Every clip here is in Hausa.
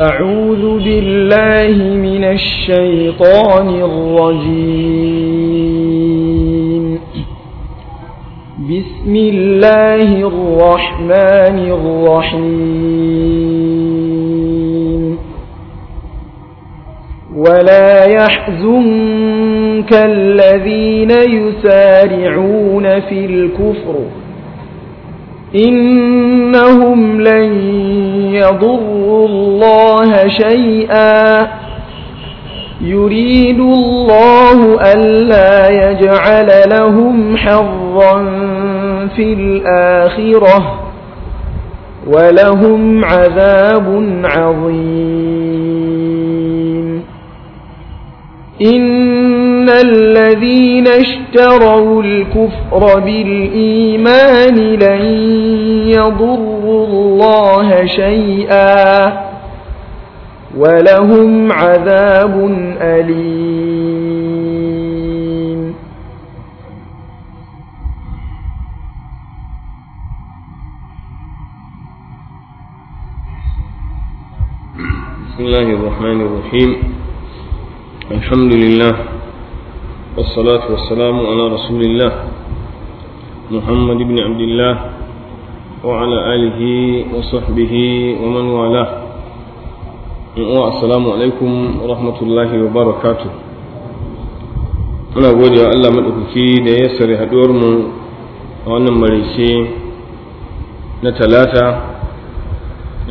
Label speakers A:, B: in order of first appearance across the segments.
A: أعوذ بالله من الشيطان الرجيم بسم الله الرحمن الرحيم ولا يحزنك الذين يسارعون في الكفر إنهم لن يضروا الله شيئا يريد الله ألا يجعل لهم حظا في الآخرة ولهم عذاب عظيم إن الذين اشتروا الكفر بالإيمان لن يضروا الله شيئا ولهم عذاب أليم
B: بسم الله الرحمن الرحيم الحمد لله والصلاة والسلام على رسول الله محمد بن عبد الله وعلى آله وصحبه ومن والاه السلام عليكم ورحمة الله وبركاته أنا أقول يا الله من أكفي ليسر هدور من وأنا مريسي نتلاتة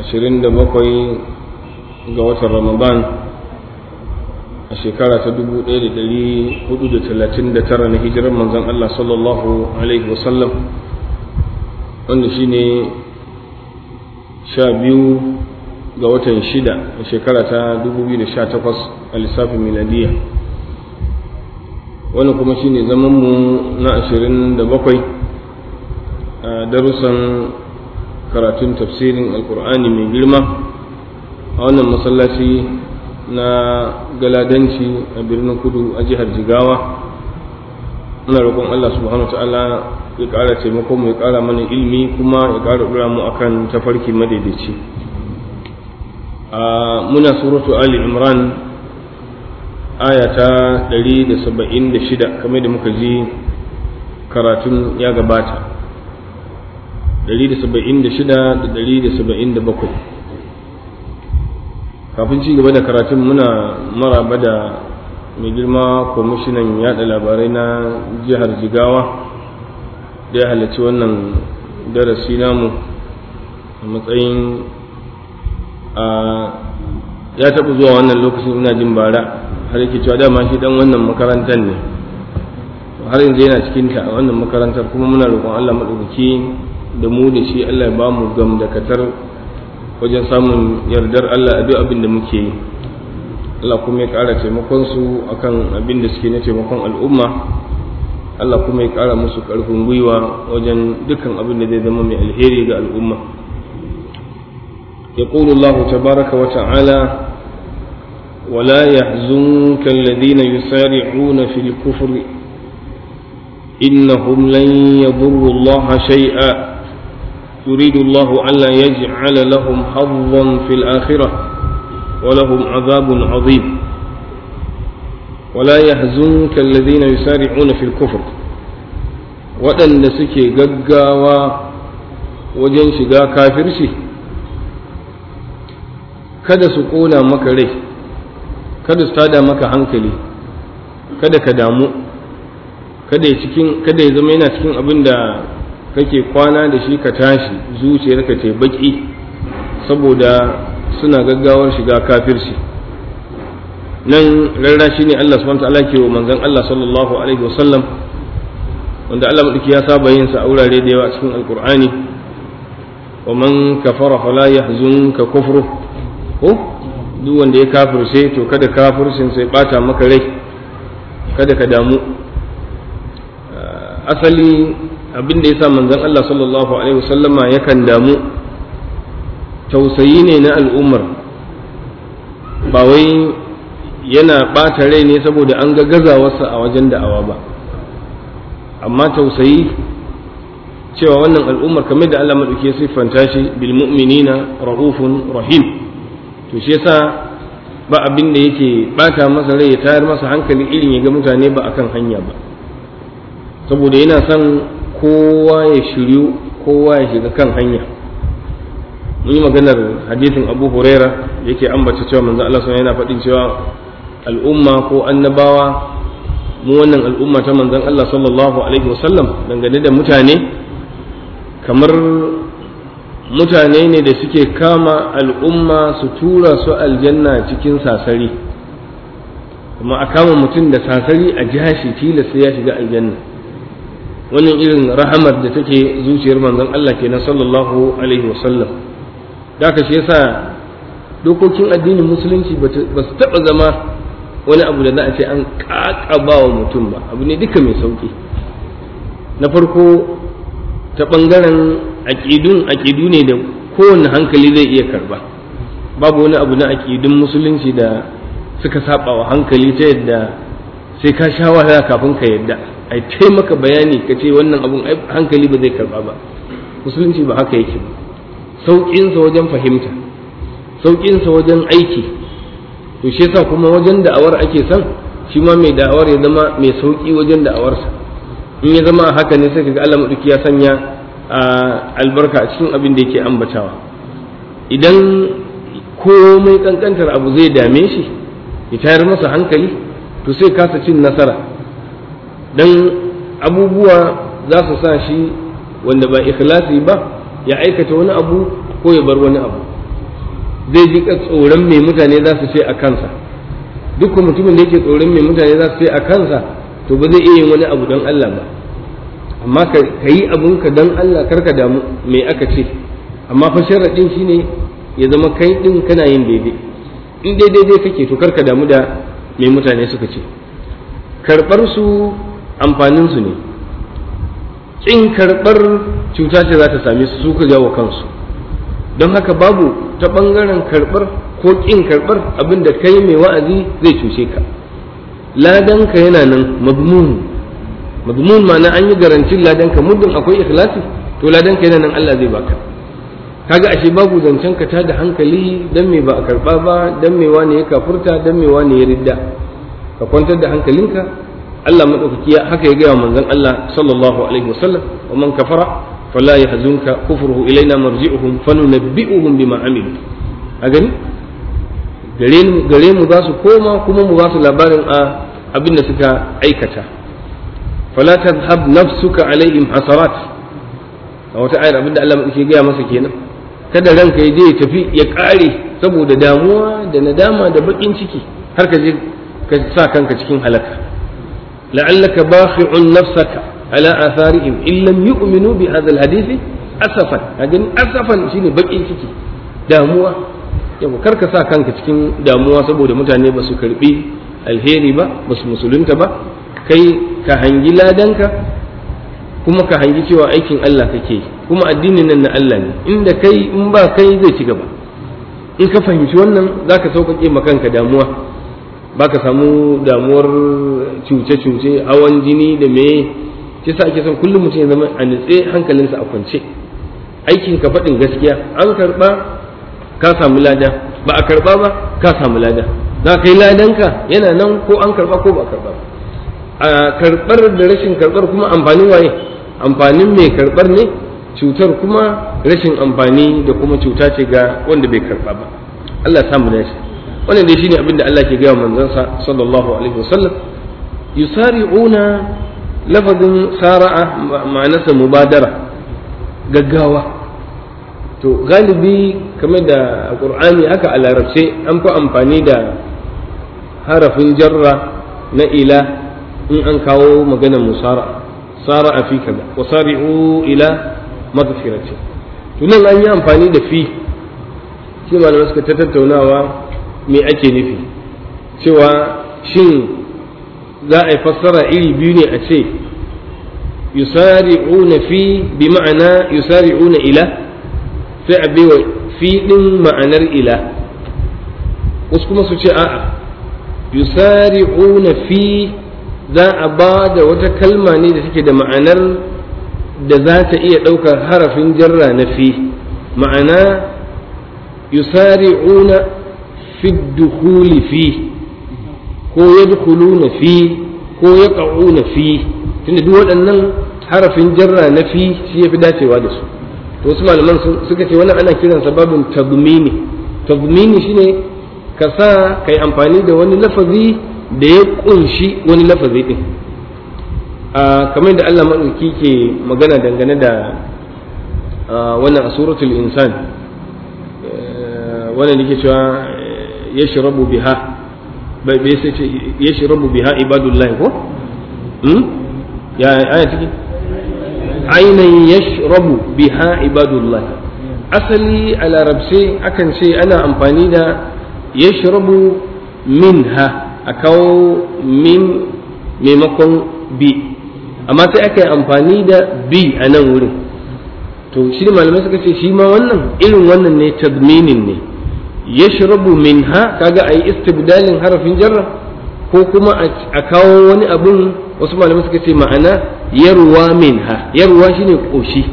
B: عشرين دبقي قوة رمضان a shekara ta 1439 na hijirar manzan Allah sallallahu alaihi wasallam wanda shi ne sha biyu ga watan shida a shekara ta 2018 a lissafin miladiya wani kuma shi ne zamanmu na 27 a darussan karatun tafsirin alkur'ani mai girma a wannan masallaci na galadanci a birnin kudu a jihar jigawa muna roƙon Allah subhanahu ta'ala ya ƙara taimako mu ya ƙara mana ilimi kuma ya ƙara ɗura mu akan tafarki madaidaici muna suratu ali imran aya ta 176 kamar da muka ji karatun ya gabata 176 da 177 kafin ci gaba da karatun muna maraba da mai girma kwamishinan yada labarai na jihar jigawa da ya halarci wannan darasi namu a matsayin ya taɓa zuwa wannan lokacin ina jin bara har yake cewa dama shi dan wannan makarantar ne
A: har yanzu yana cikin ta a wannan
B: makarantar kuma muna roƙon Allah maɗaukaki da mu da shi Allah ya ba mu gamdakatar wajen samun yardar Allah a duk abin da muke yi Allah kuma ya ƙara taimakonsu a kan abin da suke na taimakon al'umma Allah kuma ya ƙara musu ƙarfin gwiwa wajen dukkan abin da zai zama mai alheri ga al'umma يقول الله تبارك وتعالى ولا يحزنك الذين يسارعون في الكفر إنهم لن يضروا الله شيئا يريد الله ألا يجعل لهم حظا في الآخرة ولهم عذاب عظيم ولا يهزنك الذين يسارعون في الكفر وأن سكي ققا وجن شقا كافر شي kada su ƙona maka rai kada su tada maka hankali kada ka damu kada ya zama yana cikin abin da kake kwana da shi ka tashi ka ce baki saboda suna gaggawar shiga kafirci nan rarra shi ne Allah subhanahu ta'ala ke wa manzon Allah sallallahu alaihi sallam, wanda Allah madauki ya saba yin sa a wurare da yawa cikin alqur'ani wa man kafara fala yahzunka kufru ko duk wanda ya kafirce to kada kafircin sai bata maka rai kada ka damu asali abin da ya sa manzan Allah sallallahu alaihi wasallama yakan damu tausayi ne na al'ummar ba wai yana ɓata rai ne saboda an ga gazawarsa a wajen da'awa ba amma tausayi cewa wannan al'ummar kamar da Allah maɗauke siffanta shi bil mu'minina ra'ufun rahim to shi yasa ba abin da yake ɓata masa rai ya tayar masa hankali irin ya ga mutane ba a kan hanya ba saboda yana son kowa ya shiryu kowa ya shiga kan hanya mun yi maganar hadisin abu huraira yake ambata cewa manzo Allah sun yana faɗin cewa al'umma ko annabawa mu wannan al'umma ta manzon Allah sallallahu alaihi wasallam dangane da mutane kamar mutane ne da suke kama al'umma su tura su aljanna cikin sasari kuma a kama mutum da sasari a jihar shi tilas ya shiga aljanna wannan irin rahamar da take zuciyar manzon Allah kenan sallallahu alaihi wasallam da ka shi yasa dokokin addinin musulunci ba su taɓa zama wani abu da za a ce an ƙaƙaba mutum ba abu ne duka mai sauki na farko ta bangaren aƙidun aƙidu ne da kowane hankali zai iya karba babu wani abu na aƙidun musulunci da suka saba wa hankali ta yadda sai ka sha wahala kafin ka yadda ai taimaka bayani ka ce wannan abun hankali ba zai karba ba musulunci ba haka yake ba sauƙinsa wajen fahimta sauƙinsa wajen aiki to shi yasa kuma wajen da'awar ake son shi ma mai da'awar ya zama mai sauƙi wajen da'awarsa in ya zama haka ne sai kaga Allah maduki ya sanya albarka a cikin abin da yake ambatawa idan komai kankantar abu zai dame shi ya tayar masa hankali to sai kasa cin nasara dan abubuwa za su sa shi wanda ba ikhlasi ba ya aikata wani abu ko ya bar wani abu zai ji tsoron mai mutane za su ce a kansa dukkan mutumin da yake tsoron mai mutane za su ce a kansa to ba zai iya yin wani abu don Allah ba amma ka yi abinka don Allah karka damu mai aka ce amma fa sharaɗin shine ya zama kai ɗin kana yin daidai in daidai kake to karka damu da mai mutane suka ce karɓar su amfanin su ne ƙin karɓar cuta ce za ta same su su ka jawo kansu don haka babu ta ɓangaren karɓar ko ƙin karɓar abin da kai mai wa'azi zai cuce ka ladanka yana nan mazmun mazmun ma'ana an yi garancin ladanka muddin akwai ikhlasi to ladanka yana nan Allah zai baka kaga ashe babu zancen ka ta da hankali dan me ba a karba ba dan me wani ya kafurta dan me wani ya ridda ka kwantar da hankalinka Allah madaukaki haka ya gaya wa manzon Allah sallallahu alaihi wasallam wa man kafara fala yahzunka kufruhu ilaina marji'uhum fanunabbi'uhum bima amilu a gani gare mu za su koma kuma mu ba su labarin a abinda suka aikata fala tadhhab nafsuka alaihim hasarat a wata ayar abinda Allah Allah madauki gaya masa kenan kada ranka ya je ya tafi ya ƙare saboda damuwa da nadama da baƙin ciki har ka je ka sa kanka cikin halaka la'allaka bakhi'un nafsaka ala atharihim in lam yu'minu bi hadha alhadith asafan hajin asafan shine bakin ciki damuwa yau kar ka sa kanka cikin damuwa saboda mutane basu karbi alheri ba basu musulunta ba kai ka hangi ladanka kuma ka hangi cewa aikin Allah kake kuma addinin nan na Allah ne inda kai in ba kai zai ci gaba in ka fahimci wannan zaka sauƙaƙe ma kanka damuwa baka samu damuwar cuce-cuce hawan jini da me sa ake son kullum mutum ya zama a nitse hankalinsa a kwance aikin ka faɗin gaskiya an karɓa ka samu lada ba a karɓa ba ka samu lada na kai ladanka yana nan ko an karɓa ko ba a karɓa a karɓar da rashin karɓar kuma amfanin waye amfanin mai karɓar ne cutar kuma rashin amfani da kuma cuta ce ga wanda bai karɓa ba Allah samu dace wannan dai shine abin da Allah ke gaya manzon sa sallallahu alaihi wasallam yusari'una lafazin sara'a ma'anarsa mubadara gaggawa to galibi kamar da qur'ani aka a larabce an fi amfani da harafin jarra na ila in an kawo maganar musara'a a fi kaza wa sari'u ila maghfirati to nan an yi amfani da fi shi malamai suka ta tattaunawa me ake nufi cewa shin za a yi fassara iri biyu ne a ce yusari'una fi bi ma'ana yusari'una ila sai a baiwa fi din ma'anar ila wasu kuma su ce a'a yusari'una fi za a ba da wata kalma ne da take da ma'anar da za ta iya ɗaukar harafin jarra na fi ma'ana yusari'una fi duhuli fi ko ya na fi ko ya na fi tunda duk waɗannan harafin jarra na fi shi yafi dacewa da su to wasu malaman suka ce wannan ana kiran sa babin tadmini shi shine ka sa yi amfani da wani lafazi da ya kunshi wani lafazi din kamar da Allah maɗauki ke magana dangane da wannan a suratul insan eh, wannan yake cewa shirabu biha bai bai sai ce ya shirabu biha ibadullahi ko hmm? ya aya ciki ainan take ainihin yashrabu biha ibadullahi asali a larabce akan ce ana amfani da yashrabu minha a kawo min maimakon bi amma sai aka yi amfani da bi a nan wurin to shi malamai suka ce shi ma wannan irin wannan ne tadminin ne yashrabu minha kaga ayi istibdalin harafin jarra ko kuma a kawo wani abin wasu malamai suka ce ma'ana yarwa minha yarwa shine koshi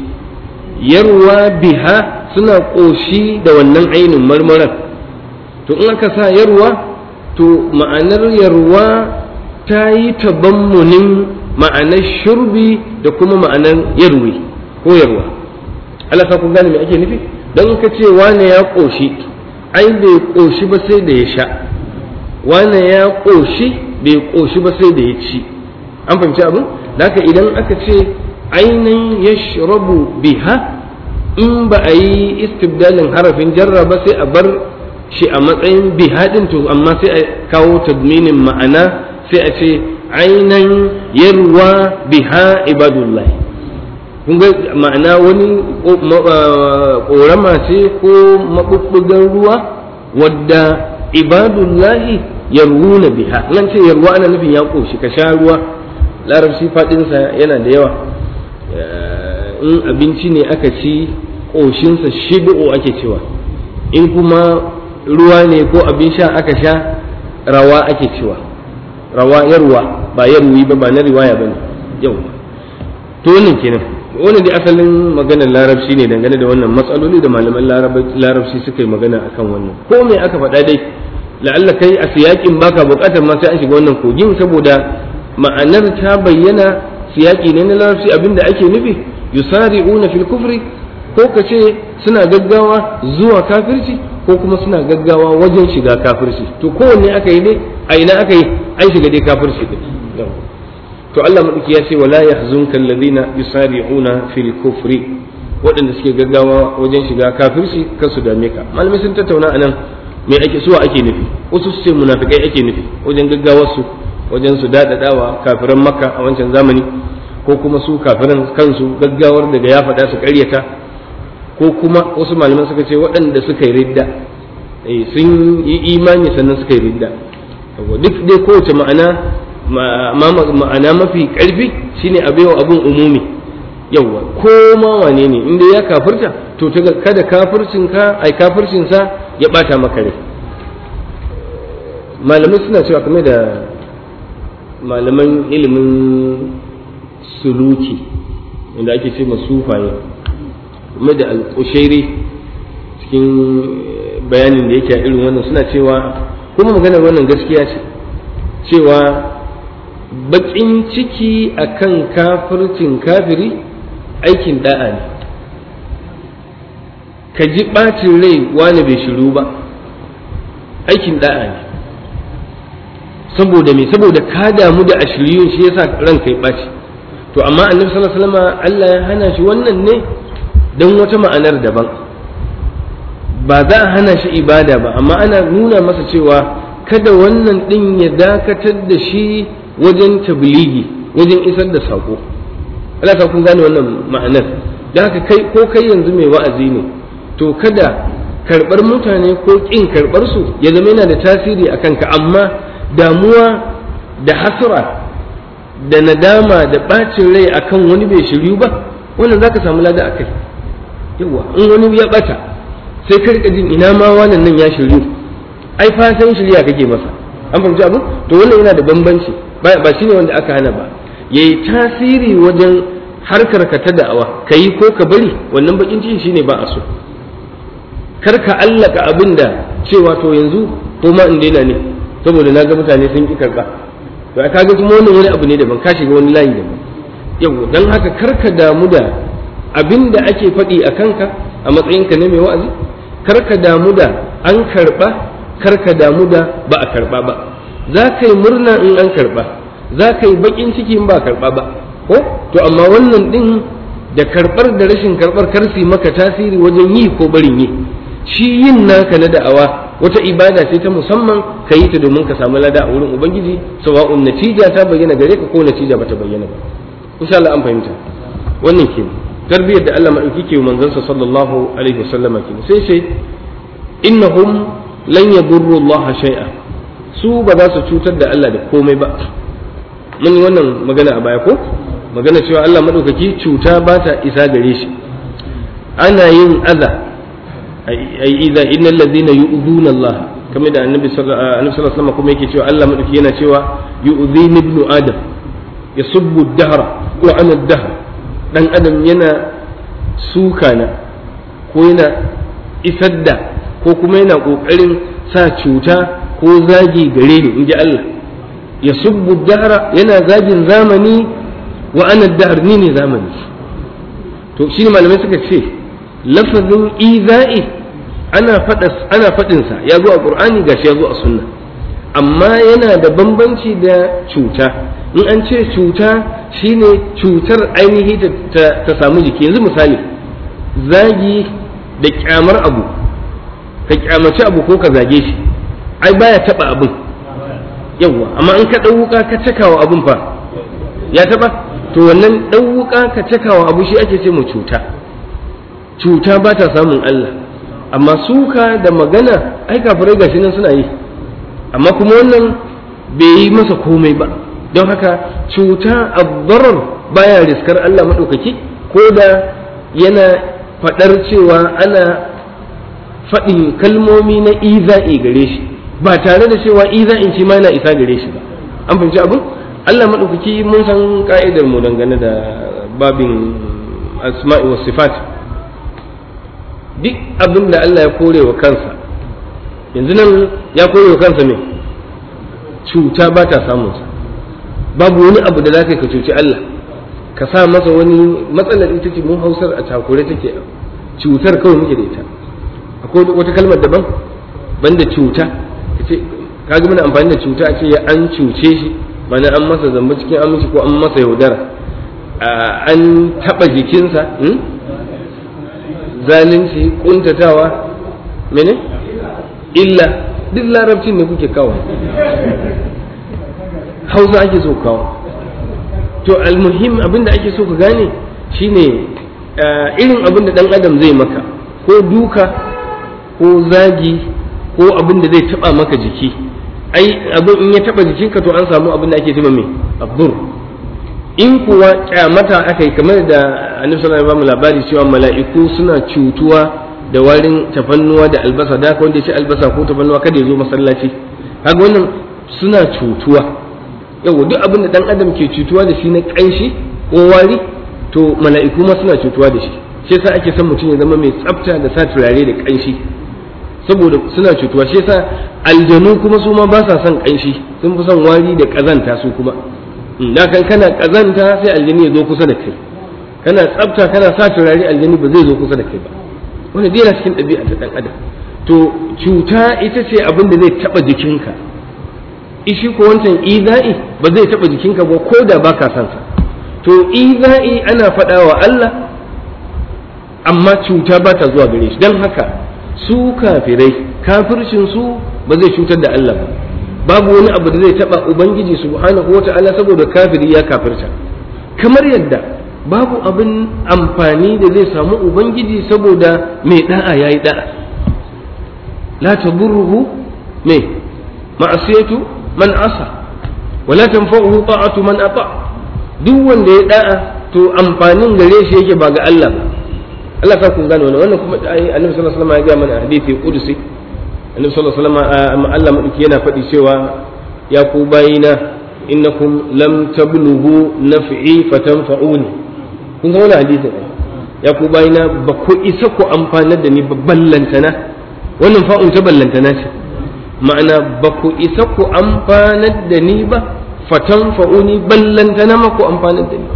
B: yarwa biha suna koshi da wannan ainin marmaran to in aka sa yarwa to ma'anar yarwa ta yi tabammunin ma'anar shurbi da kuma ma'anar yarwi ko yarwa Allah sa ku gane me ake nufi Dan ka ce wane ya koshi ai bai koshi ba sai da ya sha wani ya koshi bai koshi ba sai da ya ci an fahimci abin haka idan aka ce ainihin ya shirabu biha in ba a yi istibdalin harafin jarraba sai a bar shi a matsayin biha ɗin to amma sai a kawo tadminin ma'ana sai a ce ainihin yarwa biha ibadullahi. kun ga ma'ana wani ƙorama ce ko maɓuɓɓugan ruwa wadda ibadullahi yarwuna biha nan ce yarwa ana nufin ya ƙoshi ka sha ruwa larabci faɗinsa yana da yawa eh, in abinci ne aka ci ƙoshinsa shibu ake cewa in kuma ruwa ne ko abin sha aka sha rawa ake cewa rawa yarwa ba yarwi ba ba na riwaya ba ne yau to kenan wannan da asalin maganar larabci ne dangane da wannan matsaloli da malaman larabci suka yi magana akan wannan ko me aka faɗa dai la'alla kai a siyakin baka buƙatar ma sai an shiga wannan kogin saboda ma'anar ta bayyana siyaki ne na larabci abinda ake nufi yusari'una fil kufri ko kace suna gaggawa zuwa kafirci ko kuma suna gaggawa wajen shiga kafirci to kowanne aka yi ne a ina aka yi an shiga dai kafirci din to Allah madauki ya ce wala yahzunka alladhina yusari'una fil kufri waɗanda suke gaggawa wajen shiga kafirci kan su dame ka malamai sun tattauna anan me ake suwa ake nufi wasu su ce munafikai ake nufi wajen gaggawar su wajen su dadadawa kafiran makka a wancan zamani ko kuma su kafiran kansu gaggawar daga ya faɗa su ƙaryata ko kuma wasu malaman suka ce waɗanda suka yi ridda eh, sun yi imani sannan suka yi ridda duk dai kowace ma'ana ma'ana mafi karfi shine a baiwa abin umumi yawa ko ma wane ne inda ya kafirta to ta kada kafircin ka ai kafircin sa ya bata maka rai malamai suna cewa kamar da malaman ilimin suluki inda ake ce masufaye kuma da alƙushairi cikin bayanin da yake a irin wannan suna cewa kuma maganar wannan gaskiya ce cewa baƙin ciki akan kafircin kafiri aikin da'a ne ka ji ɓacin rai wani bai shiru ba aikin da'a ne saboda me saboda ka damu da ashiriyun shi yasa ran kai ɓaci to amma annabi sallallahu alaihi wasallam Allah ya hana shi wannan ne don wata ma'anar daban ba za a hana shi ibada ba amma ana nuna masa cewa kada wannan ɗin ya dakatar da shi wajen tabligi wajen isar da sako Allah ta kun gane wannan ma'anar da haka kai ko kai yanzu mai wa'azi ne to kada karɓar mutane ko ƙin karɓar su ya zama yana da tasiri a kanka amma damuwa da hasra da nadama da ɓacin rai akan wani bai shiryu ba wannan zaka samu lada akai yawa in wani ya ɓata sai ka jin ina ma wannan nan ya shiryu ai fatan shirya kake masa an fahimci abu to wannan yana da bambanci ba shi ne wanda aka hana ba Ya yi tasiri wajen harkar ka ta da'awa ka yi ko ka bari wannan bakin ciki ne ba a so kar ka allaka abin da cewa to yanzu ko ma in daina ne saboda na ga mutane sun ki karɓa. to ka ga kuma wannan wani abu ne daban ka shiga wani layi daban yau dan haka kar ka damu da abin da ake faɗi a kanka a matsayinka na mai wa'azi kar ka damu da an karɓa. kar ka damu da ba a karba ba za ka yi murna in an karba za ka yi bakin ciki in ba a karba ba ko to amma wannan din da karbar da rashin karbar kar maka tasiri wajen yi ko barin yi shi yin naka na da'awa wata ibada ce ta musamman ka yi ta domin ka samu lada a wurin ubangiji sawa'un natija ta bayyana gare ka ko natija bata bayyana ba insha Allah an fahimta wannan ke tarbiyyar da Allah ma'aiki ke manzansa sallallahu alaihi wasallama ke sai sai innahum lan yadurru Allah shay'a su ba za su cutar da Allah da komai ba mun yi wannan magana a baya ko magana cewa Allah madaukaki cuta ba ta isa gare shi ana yin aza ai idza innal ladina yu'duna Allah kamar da annabi sallallahu alaihi wasallam kuma yake cewa Allah madaukaki yana cewa yu'dhini ibnu adam yasubbu ad-dahra wa ana ad-dahr dan adam yana suka na ko yana isar da ko kuma yana ƙoƙarin sa cuta ko zagi gare ni in ji Allah ya subbu dahra yana zagin zamani wa ana dahar ni ne zamani to shi malamai suka ce lafazin iza'i ana ana faɗinsa ya zo a ƙur'ani gashi ya zo a sunna amma yana da bambanci da cuta in an ce cuta shine cutar ainihi ta samu jiki yanzu misali zagi da kyamar abu ka kyamaci abu ko ka zage shi ai baya taba abin yawwa amma in ka dau wuka ka cakawa abin fa ya taba to wannan dau wuka ka cakawa abu shi ake ce mu cuta cuta ba ta samun Allah amma suka da magana ai kafirai gashi nan suna yi amma kuma wannan bai yi masa komai ba don haka cuta abdarar baya riskar Allah maɗaukaki ko da yana faɗar cewa ana faɗin kalmomi na iza'i gare shi ba tare da cewa iza'in shi ma yana isa gare shi ba an fahimci abin Allah maɗaukaki mun san ka'idar mu dangane da babin asma'i wa sifat duk abin da Allah ya kore wa kansa yanzu nan ya kore wa kansa ne cuta ba ta samunsa babu wani abu da za ka cuci Allah ka sa masa wani matsalar ita ce mun hausar a takure take cutar kawai muke da ita akwai wata kalmar daban banda cuta kace kaga muna amfani da cuta a ce ya an cuce shi mana an masa zamba cikin aminci ko an masa yaudara an taba jikinsa hmm? zalunci kuntatawa mene illa duk larabcin ne kuke kawo
A: hausa ake so
B: kawo to almuhim abinda ake so ka gane shine eh, irin abinda dan adam zai maka ko duka ko zagi ko abin da zai taba maka jiki ai abin in ya taba jikinka to an samu abin da ake zuba mai, abdur in kuwa kyamata aka yi kamar da annabi sallallahu alaihi labari cewa mala'iku suna cutuwa da warin tafannuwa da albasa da wanda ya ci albasa ko tafannuwa kada ya zo masallaci kaga wannan suna cutuwa yawa duk abin da dan adam ke cutuwa da shi na kanshi ko wari to mala'iku ma suna cutuwa da shi sai yasa ake son mutum ya zama mai tsafta da sa turare da kanshi saboda suna cutuwa shi yasa aljanu kuma su ma ba sa son kanshi sun fi son wari da kazanta su kuma mm, da kan kana kazanta sai aljani ya zo kusa da kai kana tsafta kana sa turare aljani ba zai zo kusa da kai ba Wannan dai yana cikin ɗabi'a ta ɗan adam to cuta ita ce abin da zai taɓa jikinka ishi ko wancan iza'i ba zai taɓa jikinka ba ko da baka son sa to iza'i ana faɗa wa Allah amma cuta ba ta zuwa gare shi don haka su kafirai kafircin su ba zai cutar da Allah ba babu wani abu da zai taba ubangiji subhanahu wata'ala saboda kafiri ya kafirta kamar yadda babu abin amfani da zai samu ubangiji saboda mai da'a yayi da'a la taburruhu me ma'asiyatu man asa wala tanfa'uhu ta'atu man ata duk wanda ya da'a to amfanin gare shi yake ba ga Allah ba Allah sa kun gane wannan wannan kuma annabi sallallahu alaihi wasallam ya ga mana hadisi kudusi annabi sallallahu alaihi wasallam ah, Allah madauki yana faɗi cewa ya ku bayina innakum lam tablughu naf'i fatanfa'uni kun ga wannan hadisi ya ku bayina ba ku isa ku amfanar da ni ba ballantana wannan fa'un ta ballantana ce ma'ana ba ku isa ku amfanar da ni ba fatan fa'uni ballantana ma ku amfanar da ni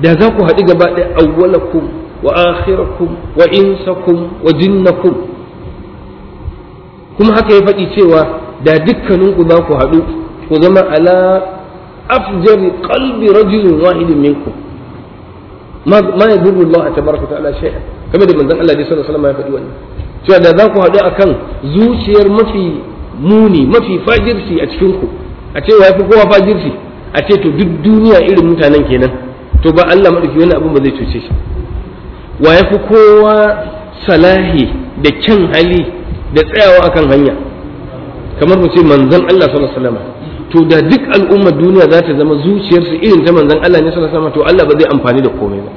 B: da za ku haɗu gaba ɗaya awwalakum wa akhirakum wa insakum wa jinnakum kuma haka ya faɗi cewa da dukkaninku za ku haɗu ku zama ala afjari qalbi rajulin wahidin minkum ma ya yadurru Allah tabaraka ta'ala shay'a kamar da manzon ya faɗi cewa da za ku haɗu akan zuciyar mafi muni mafi fajirci a cikinku a ce ya fi kowa fajirci a ce to duk duniya irin mutanen kenan to ba Allah madauki wani abin ba zai cuce shi wa ya fi kowa salahi da kyan hali da tsayawa akan hanya kamar mu ce manzon Allah sallallahu alaihi wasallam to da duk al'ummar duniya za ta zama zuciyarsu irin ta manzon Allah ne sallallahu alaihi to Allah ba zai amfani da komai ba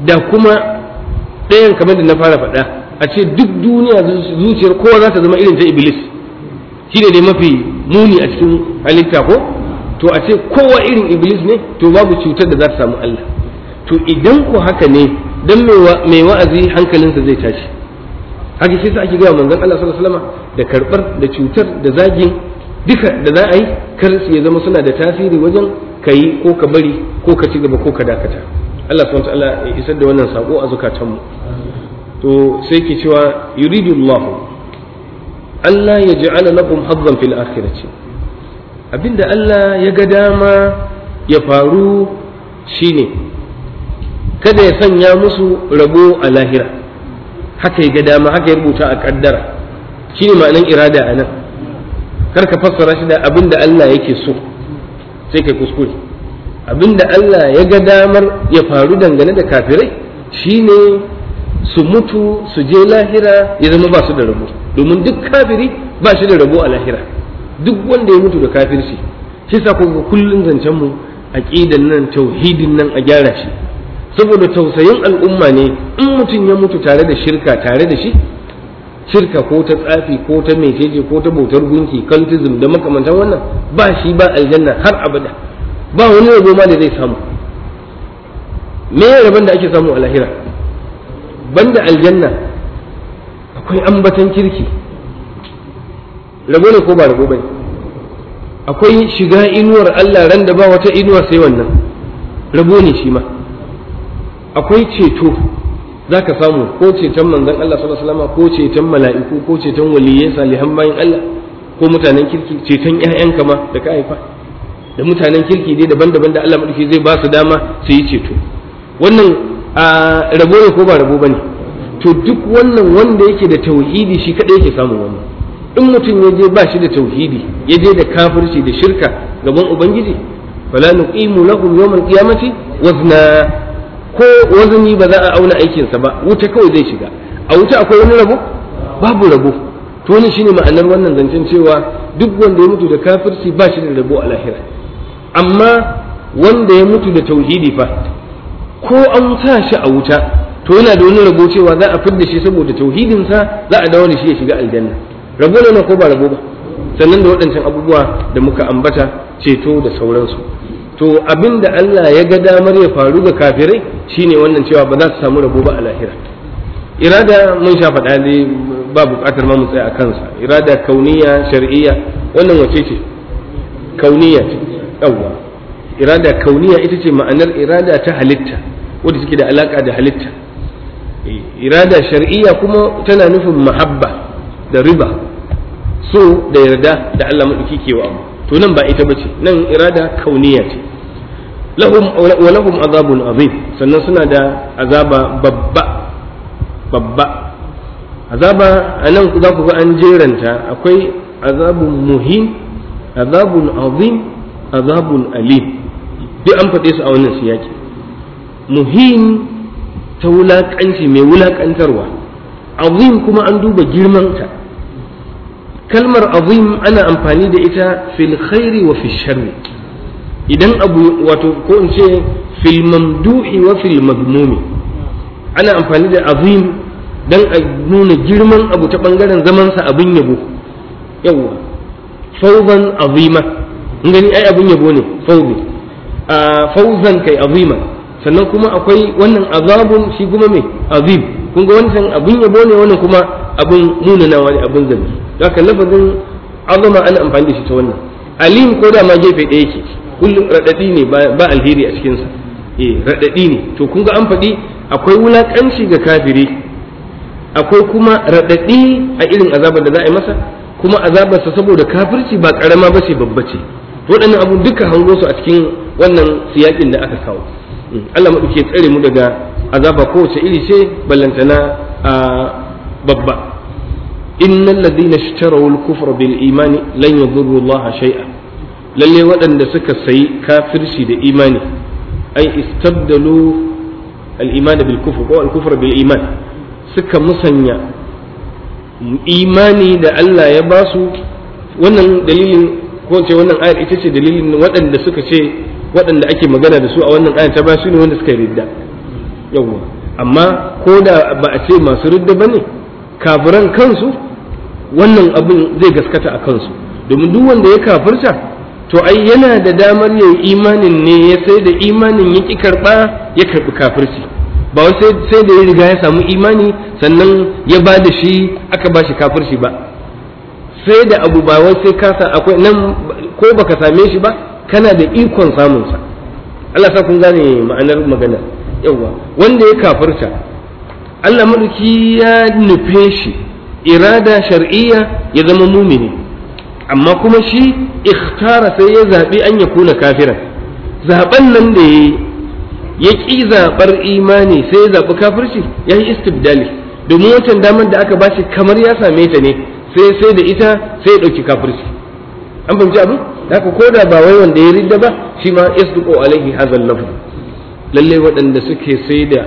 B: da kuma ɗayan kamar da na fara faɗa a ce duk duniya zuciyar kowa za ta zama irin ta iblis shi ne dai mafi muni a cikin halitta ko to a ce kowa irin iblis ne to babu cutar da za ta samu Allah to idan ku haka ne dan mai wa'azi hankalinsa zai tashi haka shi sa ake gaya manzon Allah sallallahu alaihi wasallam da karbar da cutar da zagin duka da za a yi kar su ya zama suna da tasiri wajen kayi ko ka bari ko ka ci gaba ko ka dakata Allah subhanahu wa ta'ala ya isar da wannan sako a zukatanmu to sai ke cewa yuridu Allah Allah ya ja'ala lakum hazzan fil akhirati abinda Allah ya ga dama ya faru shine kada ya sanya musu rabo a lahira haka ya ga dama haka ya rubuta a kaddara shine ma'anan irada a nan kar ka fassara shi da abin da Allah yake so sai kai kuskure abin da Allah ya ga damar ya faru dangane da kafirai shine su mutu su je lahira ya zama ba su da rabo domin duk kafiri ba shi da rabo a lahira duk wanda ya mutu da kafirci shi sa kullum zancen mu aqidan nan tauhidin nan a gyara shi saboda tausayin al'umma ne in mutum ya mutu tare da shirka tare da shi shirka ko ta tsafi ko ta mecece ko ta bautar gunki cultism da makamantan wannan ba shi ba aljanna har abada ba wani rabo ma da zai samu me rabon da ake samu a lahira banda aljanna akwai ambatan kirki rabo ne ko ba rabo bai? akwai shiga inuwar Allah ran da ba wata inuwa sai wannan rabo ne shi ma akwai ceto za ka samu ko ceton manzon Allah sallallahu alaihi ko ceton mala'iku ko ceton waliyyai salihan bayan Allah ko mutanen kirki ceton ƴaƴanka ma da ka haifa da mutanen kirki dai daban-daban da Allah madauki zai ba su dama su yi ceto wannan a rabo ne ko ba rabo bane to duk wannan wanda yake da tauhidi shi kadai yake samu wannan in mutum ya je ba shi da tauhidi ya je da kafirci da shirka gaban ubangiji fala nuqimu lahum yawmal qiyamati wazna ko wazani ba za a auna aikinsa ba wuta kawai zai shiga a wuta akwai wani rabo babu rabo to wannan shine ma'anar wannan zancen cewa duk wanda ya mutu da kafirci ba shi da rabo a lahira amma wanda ya mutu da tauhidi fa ko an sa shi a wuta to yana da wani rabo cewa za a fidda shi saboda tauhidinsa za a dawo da shi ya shiga aljanna rabo ne ko ba rabo ba sannan da waɗancan abubuwa da muka ambata ceto da sauransu to abin da Allah ya ga damar ya faru ga kafirai shine wannan cewa ba za su samu rabo ba a lahira irada mun sha faɗa ne ba buƙatar ma mu tsaya a kansa irada kauniya shar'iyya wannan wace ce kauniya ce irada kauniya ita ce ma'anar irada ta halitta wadda take da alaka da halitta eh, irada shar'iyya kuma tana nufin mahabba da riba so da yarda da Allah maɗauki kewa to nan ba ita bace nan irada kauniya ce lahum wa lahum azabun azim sannan suna da azaba babba babba azaba anan za ku ga an jeranta akwai azabun muhim azabun azim azabun alim duk an faɗe su a wannan siyaki muhim ta wulaƙanci mai wulaƙantarwa azim kuma an duba girmanta kalmar azim ana amfani da ita fil khairi wa fil sharri idan abu wato ko in ce filman duhi wa fil ana amfani da azim don a nuna girman abu ta bangaren zamansa abin yabo yau fauzan azima in gani ai abin yabo ne fauzi a fauzan kai azima sannan kuma akwai wannan azabun shi kuma me azim kun ga wancan abin yabo ne wannan kuma abin nawa ne abin zabi haka lafazin azama ana amfani da shi ta wannan alim ko da ma gefe ɗaya yake kullum raɗaɗi ne ba alheri a cikinsa eh raɗaɗi ne to kun ga an faɗi akwai wulaƙanci ga kafiri akwai kuma raɗaɗi a irin azabar da za a yi masa kuma azabarsa saboda kafirci ba ƙarama ba ce babba ce waɗannan abu duka hango su a cikin wannan siyaƙin da aka kawo eh, Allah maɗauke tsare mu daga azaba kowace iri ce ballantana a babba innal ladina ishtaraw al-kufra bil imani lan yadurru Allah lalle waɗanda suka sayi kafirci da imani ai istabdalu al-iman bil kufr ko al-kufr bil iman suka musanya imani da Allah ya ba su wannan dalilin ko ce wannan ayar ita ce dalilin waɗanda suka ce waɗanda ake magana da su a wannan ayar ta ba su ne wanda suka ridda yawwa amma ko da ba a ce masu ridda bane kafiran kansu wannan abin zai gaskata a kansu domin duk wanda ya kafirta to ai yana da damar yin imanin ne ya sai da imanin ya ki karɓa ya karɓi kafirci ba wai sai da ya riga ya samu imani sannan ya ba da shi aka ba shi kafirci ba sai da abu ba wai sai kasa akwai nan ko baka same shi ba kana da ikon samunsa Allah sa kun gane ma'anar magana yawa wanda ya kafirta Allah mulki ya nufe shi irada shar'iyya ya zama mumini amma kuma shi ikhtara sai ya zaɓi an ya kuna kafiran zaɓen nan da ya ya ƙi zaɓar imani sai ya zaɓi kafirci ya yi istibdali domin wancan damar da aka bashi kamar ya same ta ne sai sai da ita sai ya ɗauki kafirci an fahimci abin haka ko da ba wai wanda ya ridda ba shi ma yasduqu alaihi hadhal lafz lalle waɗanda suke sai da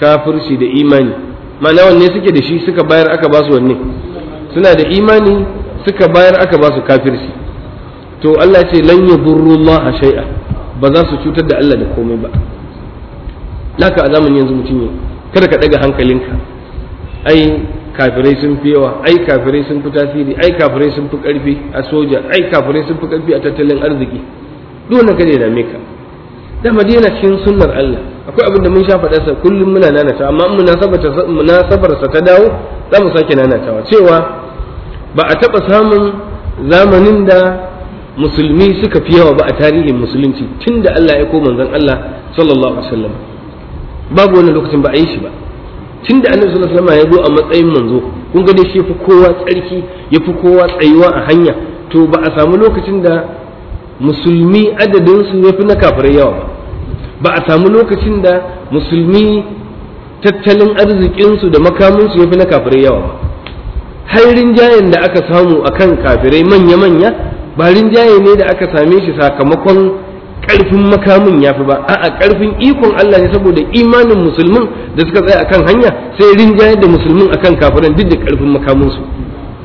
B: kafirci da imani ma'ana wanne suke da shi suka bayar aka ba su wanne suna da imani suka bayar aka ba su kafirci to Allah ce lan yadurru Allah shay'a ba za su cutar da Allah da komai ba laka a zamanin yanzu mutum ya kada ka daga hankalinka ai kafirai sun fi yawa ai kafirai sun fi tasiri ai kafirai sun fi karfi a soja ai kafirai sun fi karfi a tattalin arziki Dole ka kada ya dame ka madina cikin sunnar Allah akwai abin da mun sha faɗa sa kullum muna nanata amma in munasabar sa ta dawo za mu sake nanatawa cewa ba a taɓa samun zamanin da musulmi suka fi yawa ba a tarihin musulunci tun da Allah ya koma manzon Allah sallallahu alaihi wasallam babu wani lokacin ba a yi shi ba tun da annabi sallallahu alaihi wasallam ya zo a matsayin manzo kun ga shi shi fi kowa tsarki ya fi kowa tsayuwa a hanya to ba a samu lokacin da musulmi adadin su ya fi na kafirai yawa ba ba a samu lokacin da musulmi tattalin arzikinsu da makaminsu ya fi na kafirai yawa ba hairin jayen da aka samu akan kafirai manya-manya ba rinjaye ne da aka same shi sakamakon ƙarfin makamin ya fi ba a'a ƙarfin ikon Allah ne saboda imanin musulmin da suka tsaya akan hanya sai rinjaye da musulmin akan kafiran duk da ƙarfin makaminsu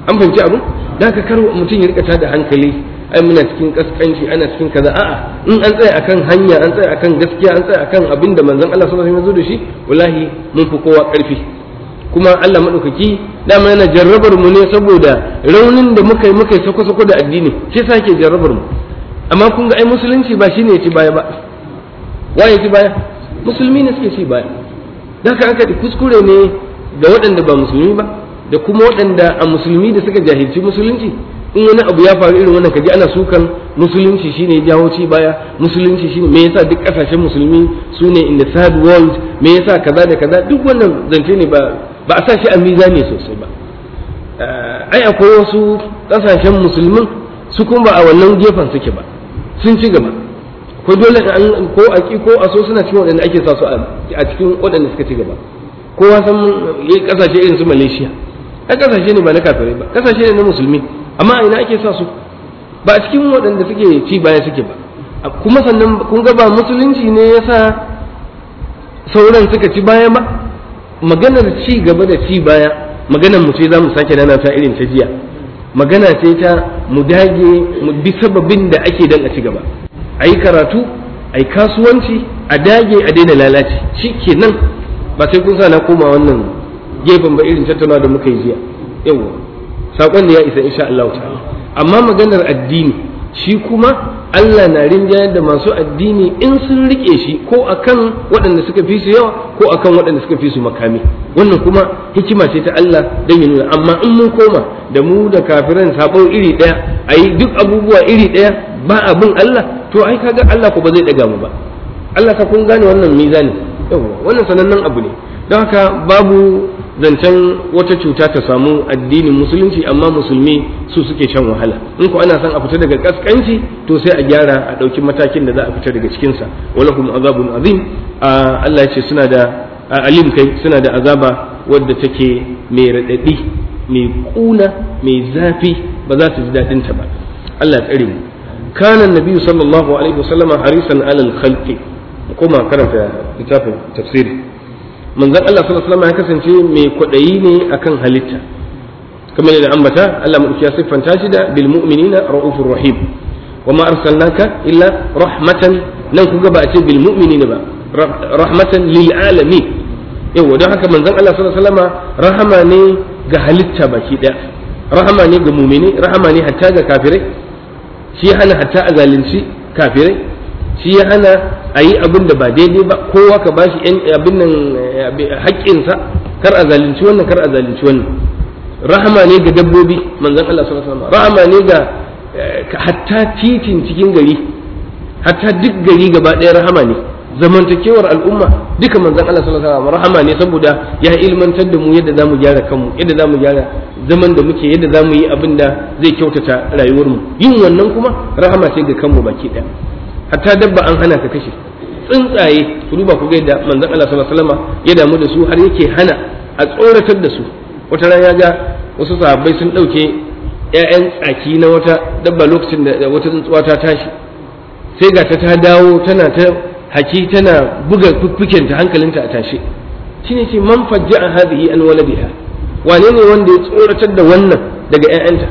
B: an fahimci abu da ka karwa mutum ya rika da hankali ai muna cikin kaskanci ana cikin kaza a'a in an tsaya akan hanya an tsaya akan gaskiya an tsaya akan abin da manzon Allah sallallahu alaihi wasallam ya zo da shi wallahi mun fi kowa ƙarfi kuma Allah madaukaki dama yana jarrabar mu ne saboda raunin da muka yi muka yi sako-sako da addini shi sa yake jarrabar mu amma kun ga ai musulunci ba shine ya ci baya ba waye ci baya musulmi ne suke ci baya da ka aka kuskure ne ga waɗanda ba musulmi ba da kuma waɗanda a musulmi da suka jahilci musulunci in wani abu ya faru irin wannan kaji ana sukan musulunci shine ya jawo ci baya musulunci shine me yasa duk kasashen musulmi su ne in the third world me yasa kaza da kaza duk wannan zance ne ba ba a sa shi a mizani sosai ba eh, ai akwai wasu kasashen musulmin su kuma ba a wannan gefen suke ba sun ci gaba ko dole an ko a ki ko a so suna cikin waɗanda ake sa su a cikin waɗanda suka ci gaba Ko san kasashe irin su malaysia a kasashe ne ba na kafirai ba kasashe ne na musulmi amma a ina ake sa su ba a cikin waɗanda suke ci baya suke ba kuma sannan kun ga ba musulunci ne yasa sauran suka ci baya ba maganar ci gaba da ci baya maganar mu ce za mu sake nana ta irin ta jiya magana ce ta mu dage mu bi sababin da ake dan a ci gaba a yi karatu a yi kasuwanci a dage a daina lalaci shi ke nan ba sai kun sa na koma wannan gefen ba irin tattauna da muka yi jiya yawa saƙon da ya isa insha Allah ta'ala amma maganar addini shi kuma Allah na rinjayar da masu addini in sun rike shi ko akan waɗanda suka fi su yawa ko akan waɗanda suka fi su makami wannan kuma hikima ce ta Allah dan ya nuna amma in mun koma da mu da kafiran sabo iri ɗaya ayi duk abubuwa iri ɗaya ba abin Allah to ai kaga Allah ko ba zai ɗaga mu ba Allah ka kun gane wannan mizani yawa wannan sanannen abu ne don haka babu zancen wata cuta ta samu addinin musulunci amma musulmi su suke shan wahala in ku ana son a fita daga kaskanci to sai a gyara a ɗauki matakin da za a fita daga cikinsa walakum azabun azim Allah ya ce suna da alim kai suna da azaba wadda take mai raɗaɗi mai ƙuna mai zafi ba za su ji daɗinta ba Allah ya tsare mu kana nabi sallallahu alaihi wasallama harisan alal khalqi kuma karanta littafin tafsiri manzon Allah sallallahu alaihi wasallam ya kasance mai kwaɗayi ne akan halitta kamar da ambata Allah mu ya siffanta shi da bil mu'minina raufur rahim wa ma arsalnaka illa rahmatan nan kuga ba a ce bil mu'minina ba rahmatan lil alamin yawa don haka manzon Allah sallallahu alaihi wasallam rahama ne ga halitta baki daya rahama ne ga mumini rahama ne hatta ga kafirai shi hana hatta a zalunci kafirai shi ya hana a yi abin da ba daidai ba kowa ka ba shi abin nan eh, eh, haƙƙinsa kar a zalunci wannan kar a zalunci wannan rahama ne ga dabbobi manzon Allah sallallahu alaihi wasallam rahama ne ga eh, hatta titin cikin gari hatta duk gari gaba ɗaya rahama ne zamantakewar al'umma duka manzon Allah sallallahu alaihi wasallam rahama ne saboda ya ilmantar da mu yadda zamu gyara kanmu yadda zamu gyara zaman da muke yadda zamu yi abin da zai kyautata rayuwar mu yin wannan kuma rahama ce ga kanmu baki ɗaya hatta dabba an hana ka kashe tsuntsaye ku duba ku ga yadda manzon Allah sallallahu alaihi wasallam ya damu da su har yake hana a tsoratar da su wata ran ya ga wasu sahabbai sun dauke ƴaƴan tsaki na wata dabba lokacin da wata tsuntsuwa ta tashi sai ga ta ta dawo tana ta haki tana buga fuffuken ta hankalinta a tashe shine ce man fajja'a hadhihi an waladiha wane ne wanda ya tsoratar da wannan daga ƴaƴanta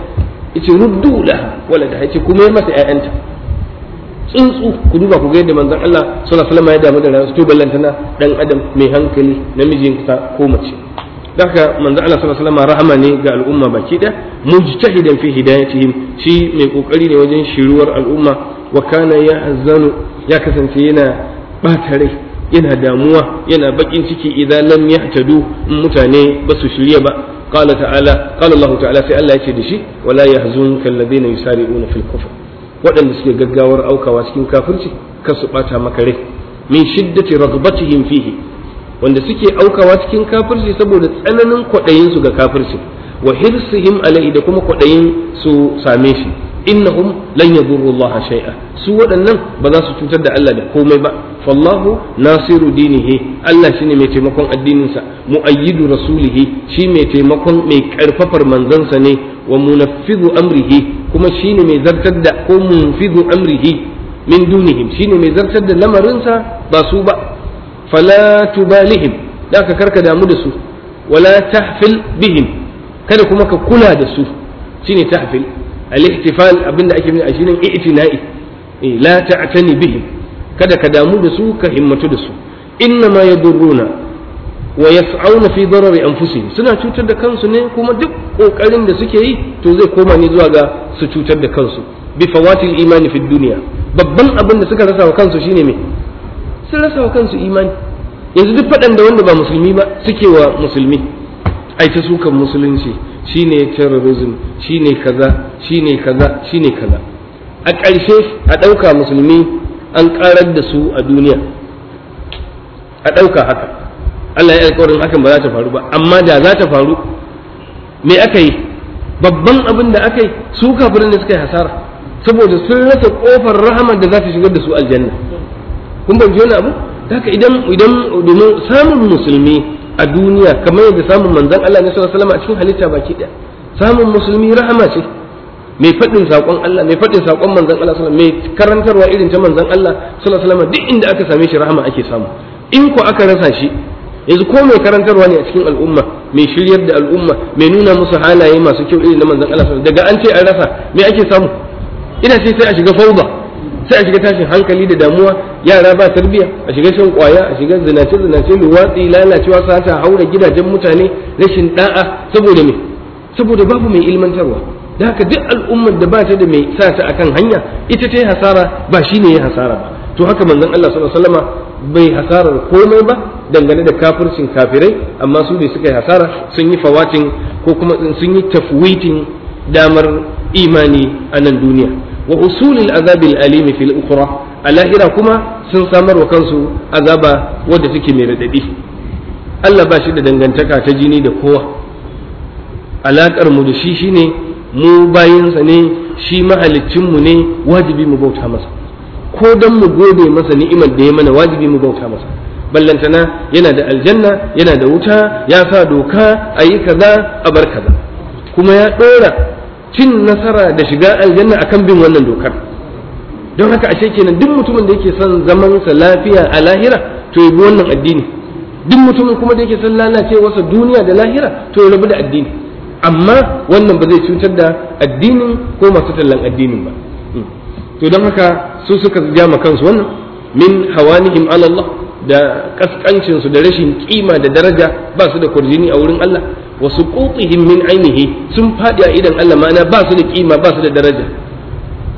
B: yace ruddu laha waladaha yace kuma masa ƴaƴanta tsuntsu ku duba ku ga yadda manzon Allah sallallahu alaihi wasallam ya damu da rayuwarsa to ballantana dan adam mai hankali namijin ka ko mace daga manzo Allah sallallahu alaihi wasallam rahama ne ga al'umma baki da mujtahidan fi hidayatihim shi mai kokari ne wajen shiruwar al'umma wa kana yahzanu ya kasance yana bata rai yana damuwa yana bakin ciki idan lam yahtadu in mutane ba su shirya ba qala ta'ala qala Allah ta'ala sai Allah ya ce da shi wala yahzunka alladhina yusari'una fil kufr waɗanda suke gaggawar aukawa cikin kafirci kasu ɓata maka rai min shiddati ragbatihim fihi wanda suke aukawa cikin kafirci saboda tsananin kwaɗayinsu ga kafirci wa hirsihim alaihi da kuma kwaɗayin su same shi innahum lan yadurru Allah shay'a su waɗannan ba za su cutar da Allah da komai ba fallahu nasiru dinihi Allah shine mai taimakon addininsa muayyidu rasulihi shi mai taimakon mai karfafar manzansa ne wa munaffidu amrihi kuma shine mai zartar da ko munfidu amrihi min dunihim shine mai zartar da lamarinsa ba su ba fala tubalihim da ka karka damu da su wala tahfil bihim kada kuma ka kula da su shine tahfil al-ihtifal abinda ake nuna shine i'tina'i eh, la ta'tani bihim kada ka damu da su ka himmatu da su inna ma yadurruna wa yas'auna fi darari anfusihim suna cutar da kansu ne kuma duk kokarin da suke yi to zai koma ne zuwa ga su cutar da kansu bi fawatil imani fi babban abin da suka rasa wa kansu shine me sun rasa wa kansu imani yanzu duk faɗan da wanda ba musulmi ba suke wa musulmi ai ta sukan musulunci shine terrorism shine kaza shine kaza shine kaza a ƙarshe a ɗauka musulmi an ƙarar da su a duniya a ɗauka haka Allah ya alƙawarin hakan ba za ta faru ba amma da za ta faru me aka yi babban abin da aka yi su kafirin da suka yi hasara saboda sun rasa ƙofar rahamar da za ta shigar da su aljanna kun ban ji wani abu haka idan idan domin samun musulmi a duniya kamar yadda samun manzan Allah ne sallallahu alaihi a cikin halitta baki daya samun musulmi rahama ce mai faɗin saƙon Allah mai faɗin saƙon manzan Allah sallallahu alaihi mai karantarwa irin ta manzan Allah sallallahu alaihi duk inda aka same shi rahama ake samu in ko aka rasa shi yanzu ko mai karantarwa ne a cikin al'umma mai shiryar da al'umma mai nuna musu halaye masu kyau irin na manzan Allah daga an ce an rasa me ake samu ina ce sai a shiga fauba. sai a shiga tashin hankali da damuwa yara ba tarbiya a shiga shan kwaya a shiga zinace zinace luwatsi lalacewa sata haura gidajen mutane rashin da'a saboda me saboda babu mai ilmantarwa da haka duk al'ummar da ba ta da mai sa ta akan hanya ita ta yi hasara ba shine ya hasara ba to haka manzon Allah sallallahu alaihi wasallama bai hasarar komai ba dangane da kafircin kafirai amma su ne suka yi hasara sun yi fawatin ko kuma sun yi tafwitin damar imani a nan duniya wa usulil azabil alimi fil ukhra a kuma sun samar wa kansu azaba wadda take mai radadi Allah ba shi da dangantaka ta jini da kowa alakar mu da shi shine mu bayinsa ne shi mu ne wajibi mu bauta masa ko dan mu gode masa ni'imar da ya mana wajibi mu bauta masa ballantana yana da aljanna yana da wuta ya sa doka a yi kaza a bar kaza kuma ya ɗora cin nasara da shiga aljanna akan bin wannan dokar don haka ashe kenan duk mutumin da yake son zaman sa lafiya a lahira to ya bi wannan addini duk mutumin kuma da yake son lalacewarsa duniya da lahira to ya rabu da addini amma wannan ba zai cutar da addinin ko masu tallan addinin ba hmm. to don haka su suka jama kansu wannan min hawanihim ala Allah da kaskancin su da rashin kima da daraja ba su da kurjini a wurin Allah wa suqutihim min ainihi sun fadi a idan Allah ma'ana ba su da kima ba su da daraja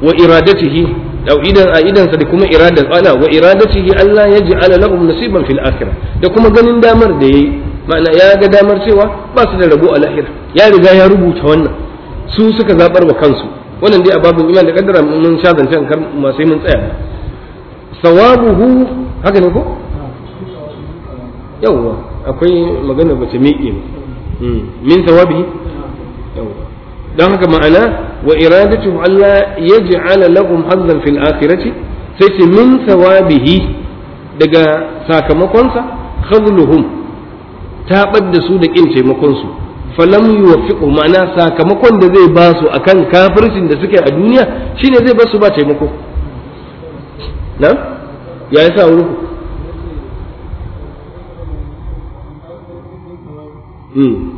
B: wa iradatihi au idan a idan sa da kuma iradar Allah wa iradatihi Allah ya ji ala lahum nasiban fil akhirah da kuma ganin damar da yayi ma'ana ya ga damar cewa ba su da rabo a lahira ya riga ya rubuta wannan su suka zabar wa kansu wannan dai a babu iman da kaddara mun sha zancen kar masu mun tsaya sawabuhu haka ne ko yawwa akwai magana bace miƙe ne Hmm. min sawabi don haka ma'ana wa iradatu Allah ya ji'ala lahum hazzan fil akhirati sai ce min sawabihi daga sakamakonsa khazluhum taɓar da su da ƙin taimakonsu falam yuwaffiqu ma'ana sakamakon da zai ba su akan kafircin da suke a duniya shine zai ba su ba taimako
A: na ya yasa wurin
B: Mm.